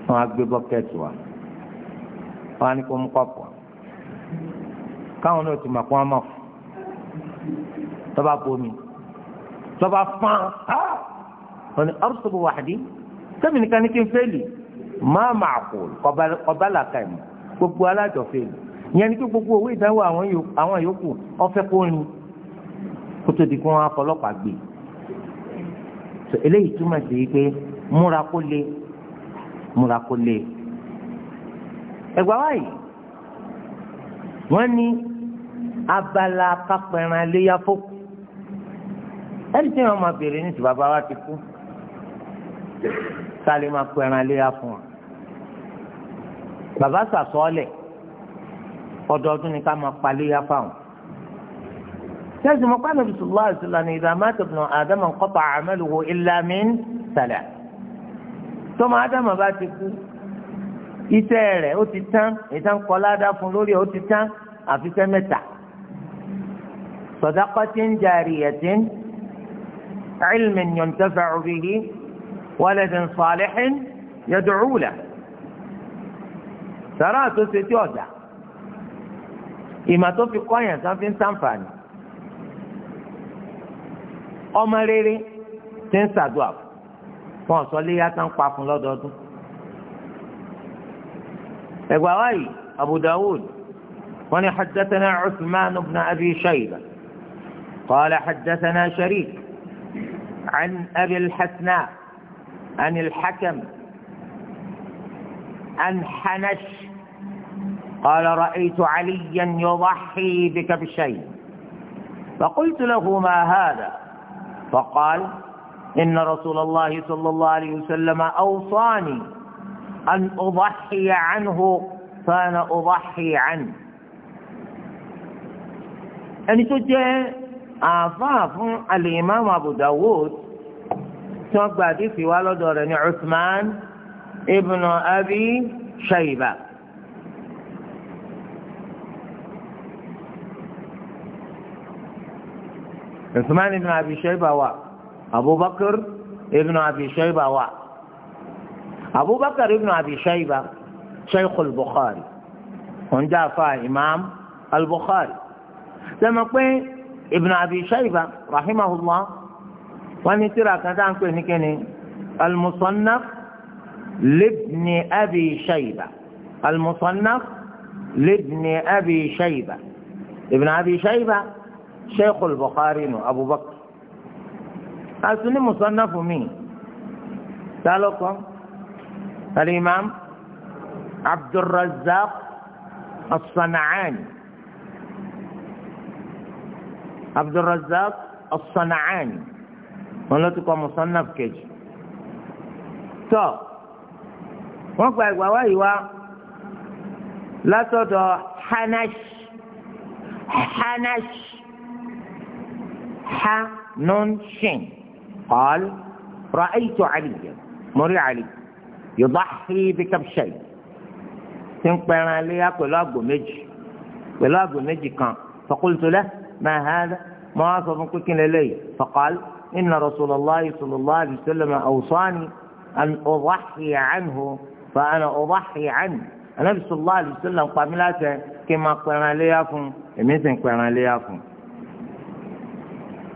wọ́n á gbé bọ́kẹ́tì wa wọ́n á ní kó mú kọ́pù wa káwọn náà ti mà kó wọn mọ̀ tọ́ba bomi tọ́ba fán á wọn ni ọ̀rùsọ̀bù wàhálì sẹ́mi nìkan ní kí n fẹ́ẹ̀lì máa máa kó ọba làkà ẹ̀ mọ́ gbogbo alájọ fẹ́ẹ̀lì ìyẹn ni kí gbogbo owó ìdánwò àwọn yòókù ọ̀fẹ́ kó rin kó tó di kí wọ́n afọlọ́pàá gbé eléyìí túmọ̀ sí pé múra kó lé múra kó lé ẹgbàá wáyé wọ́n ní abala kápẹ́ran iléyà fókù ẹni tí wọn máa bèrè ní ti bàbá wa ti kú sálẹ̀ máa pẹ́ran iléyà fún wa bàbá sàsọ́ọ̀lẹ̀ ọdọọdún ni ká máa paléyà fáwọn sẹ́sìn mọ́ pàdé bisalòlá àṣìlá ni ìdá mátàbùnà àdámà kọ́pà àmẹ́lùwò ìlàmì sàlẹ̀. tọ́mọ ádámà bá ti kú iṣẹ́ rẹ̀ ó ti tán ìtàn kọ́ládá fún lórí ó ti tán àfi mẹ́ta. صدقة جارية علم ينتفع به ولد صالح يدعو له ترى تستيوزا إما توفي قوية تنفين سنفان أما ليري تنسى دواب فانسوا لي يتن قفن لدودو إقوى أبو داود وني حدثنا عثمان بن أبي شيبة قال حدثنا شريك عن أبي الحسناء عن الحكم عن حنش قال رأيت عليا يضحي بك بشيء فقلت له ما هذا فقال إن رسول الله صلى الله عليه وسلم أوصاني أن أضحي عنه فأنا أضحي عنه يعني تجاه àáfàá fún al-Imam Abu Dawud tí wọ́n gba àdìsí wa lọ́dọ̀ rẹ̀ ní Uthman ibn Abi Shayba. Uthman ibn Abi Shayba wà Abubakar ibn Abi Shayba wà Abubakar ibn Abi Shayba Shaykh al-Bukhari. Wọ́n jẹ́ Imam al-Bukhari. ابن أبي شيبة رحمه الله وأن ترى كذا كني المصنف لابن أبي شيبة المصنف لابن أبي شيبة ابن أبي شيبة شيخ البخاري أبو بكر أسني مصنف مين سألكم الإمام عبد الرزاق الصنعاني abdulrazak as-San'ani wọn ló ti kọ musannaf kejì tọ wọn gba ìgbà wáyé wa látọ̀dọ̀ hanash hanash hanonshin qal ra'aytu aliya mori ali yudahi bi kabshayn tí ń pẹran léyà pẹ̀lú àgbò méjì pẹ̀lú àgbò méjì kan faqultu lahu. ما هذا ما مواصف كن إليه فقال إن رسول الله صلى الله عليه وسلم أوصاني أن أضحي عنه فأنا أضحي عنه النبي صلى الله عليه وسلم قاملاته كما قرنا ليكم مثل قرنا ليكم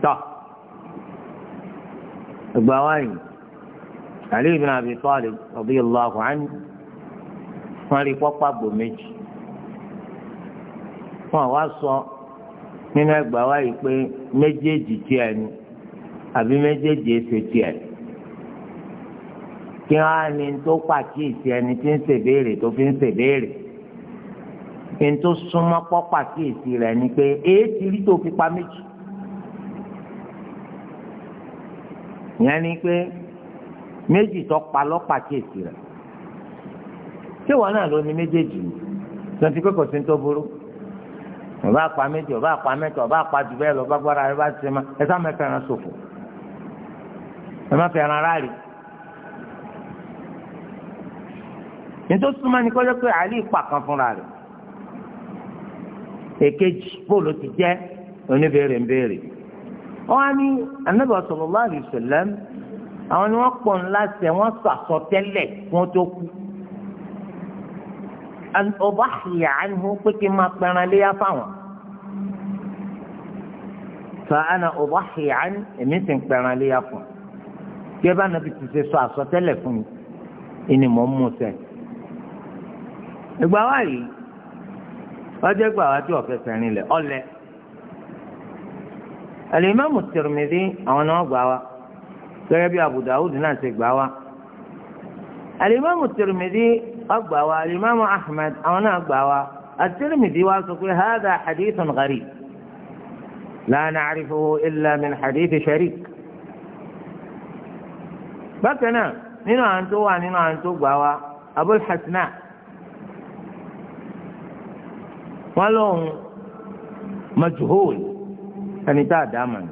طه الضوائي علي بن أبي طالب رضي الله عنه قال rí pọ́pọ́ àgbò méjì nínú ẹgbàá wa yìí pé méjèèjì tiẹ̀ ni àbí méjèèjì èsè tiẹ̀ kí wọ́n á ní tó pàkíyèsí ẹni tí ń ṣèbéèrè tó fi ń ṣèbéèrè kí n tó súnmọ́ pọ́ pàkíyèsí rẹ̀ ni pé èé ti rí tó fi pa méjì ìyẹn ni pé méjì tó pa lọ́ pàkíyèsí rẹ̀ ṣé wọn náà ló ní méjèèjì ni lọ́n ti kọ́kọ́ sí ń tó burú ọba àpá méjì ọba àpá mẹ́ta ọba àpá jù bẹ́ẹ̀ lọ ọba gbọ́dọ̀ ẹ ti ṣe ma ẹ sá mẹ́fẹ́ ẹran ṣòfò ẹ má fẹ́ ẹran ráàlì. nítorí súnmọ́ ni kọ́jọ́ pé àlè ìpàkan fúnra rẹ̀ èkejì bóòlù ti jẹ́ oníbèrè ń béèrè. wọ́n á ní anábì sallallahu alaihi àwọn ni wọ́n pọ̀ ńlá sẹ́ wọ́n sọ àsọtẹ́lẹ̀ kí wọ́n tó kú ọba àyà ni pé kí n máa pẹran léyà fáwọn fàánà ọ̀bọ̀hì àn èmi sì ń pẹran léyà fún un bí ẹ bá nàbí ti ṣe sọ àsọtẹ́lẹ̀ fún mi ìní mò ń mú sẹ. ìgbà wa yìí wọ́n jẹ́ gbà wá tí ọ̀fẹ́ fẹ́rin lẹ̀ ọ̀lẹ́. alimami Tirmidhi àwọn náà gbà wá gẹ́gẹ́ bí Abu Dawud náà ṣe gbà wá. alimami Tirmidhi wọ́n wá alimami Ahmad àwọn náà gbà wá. at wá sọ pé hàdà hadithun gharib. لا نعرفه إلا من حديث شريك بكنا نينو أنتو ونينو أنتو بوا أبو الحسناء ولون مجهول ẹni tá a dá mọ̀ ni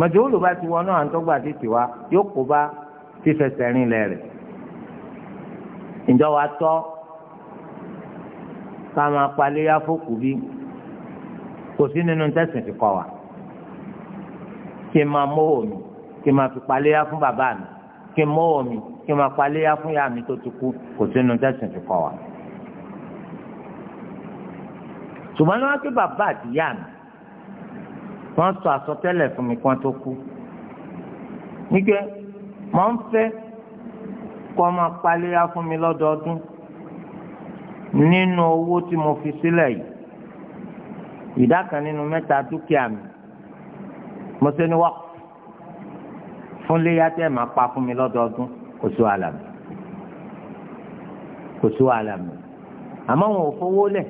màjòwòlù bá ti wọnú àǹtọ́gbà títì wa yóò kó bá fífẹsẹ̀ rinlẹ̀ rẹ̀ ǹjọ́ wa tọ́ ká máa paléyà fókù bíi kò sí nínú tẹ̀sìn fi kọ́ wa kí n máa mówó mi kí n máa fi paléyà fún bàbá mi kí n mówó mi kí n máa paléyà fún ìyá mi tó ti kú kò nínú tẹ̀sìn fi kọ́ wa. ṣùgbọ́n ní wọ́n ké bàbá àti ìyá mi wọ́n sọ àsọtẹ́lẹ̀ fún mi kí wọ́n tó kú nígbẹ́ mọ̀ ń fẹ́ kọ́ máa paléyà fún mi lọ́dọọdún nínú owó tí mo fi sílẹ̀ yìí ìdá kan nínú mẹ́ta dúkìá mi mo ṣe ní wọ́pù fún léyà tẹ́ máa pa fún mi lọ́dọọdún kò sí wàhálà mi kò sí wàhálà mi àmọ́ wọn ò fowó lẹ̀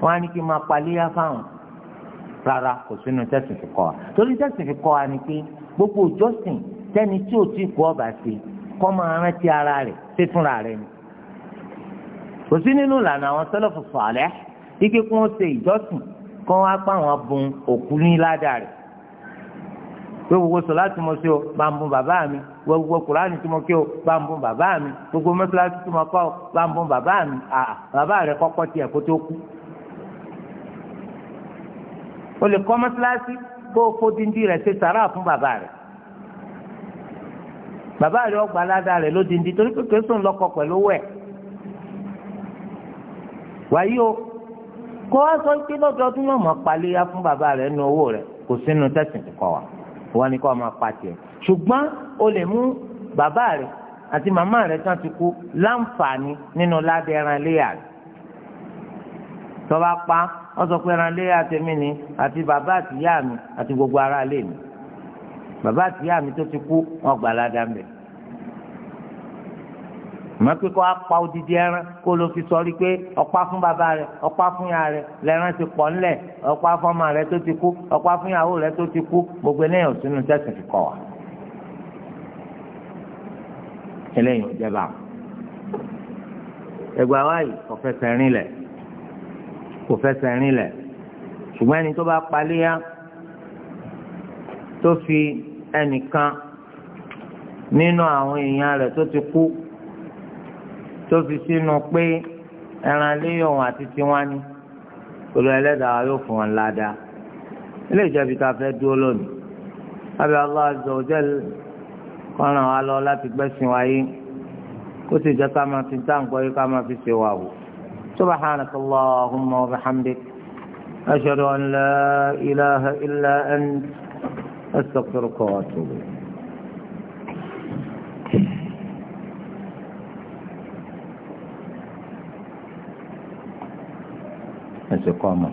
wọ́n á ní kí n máa pa léyà fáwọn rárá kò sínú tẹ́sí fi kọ́ wa torí tẹ́sí fi kọ́ wa ni pé gbogbo ìjọsìn tẹ́ni tí ò tí kú ọba sí kọ́ máa rántí ara rẹ̀ ṣé fúnra rẹ̀ ni kò sí nínú ìlànà àwọn sẹ́lẹ̀fù sọ̀lẹ́ ike kí wọ́n ṣe ìjọsìn kí wọ́n á pa àwọn bun òkú ní ládàá rẹ̀ pé gbogbo sọ láti mọ sí o bá ń bun bàbá mi gbogbo kùránì tí mo kí o bá ń bun bàbá mi gbogbo mọ́sálásí tí mo kọ́ o bá ń bun bàbá mi àà bàbá rẹ̀ kọ́kọ́ tiẹ̀ kó tó kú. o lè kọ́ mọ́sálásí kó o kó dindi rẹ̀ ṣe sàrà fún bàbá rẹ̀ bàbá rẹ̀ ọgbà ládàá rẹ̀ ló dindi torí pé kò sóun lọ́kọ̀ pẹ̀lú wẹ̀ wáyé o kó wá sọ pé lọ́dọọdún yóò máa paléyà fún bàbá rẹ̀ nínú owó rẹ̀ kò sínú tẹ̀sìn kọ̀ wá wọn ni kó máa pa tiẹ̀ ṣùgbọ́n o lè mú bàbá rẹ̀ àti màmá rẹ̀ tán ti kú láǹfààní nínú ládé ẹran rẹ̀ tọ́ba pa wọ́n sọ pé ẹran tèmi ni àti bàbá àtìyá mi àti gbogbo ará ilé mi bàbá àtìyá mi tó ti kú wọn gbà ládàá mbẹ́ mọ pé kó apá odidi ẹran kó ló fi sọrí pé ọ̀pá fún bàbá rẹ̀ ọ̀pá fún ya rẹ̀ lẹ́ran ti pọ̀ ńlẹ̀ ọ̀pá fún ọmọ rẹ̀ tó ti kú ọ̀pá fún ìyàwó rẹ̀ tó ti kú gbogbo eléyàn sínú tẹ̀sán fi kọ̀ wá. eléyìí ò jẹba ẹgbàá wáyé kò fẹsẹ̀ rìn lẹ̀ kò fẹsẹ̀ rìn lẹ̀ ṣùgbọ́n ẹni tó bá paléyà tó fi ẹnìkan nínú àwọn èèyàn rẹ̀ tó ti kú tó fi sínú pé ẹran léyọ̀n àti tiwọn ni olú ẹlẹ́dàá yóò fún wọn ládàá ilé ìjọba ìta fẹ́ dúró lónìí abẹ́ Allah azza wa jal kọ́ran wa lọ láti gbẹ́sìn wáyé kó sì jẹ́ ká máa fi dáǹgbọ́ yìí ká máa fi ṣe wà wò subhanaka Allahumma wa bihamdik ashhadu an la ilaha illa ant astaghfiruka wa atubu ilayk. ẹsẹ̀ kọ́ ọmọ.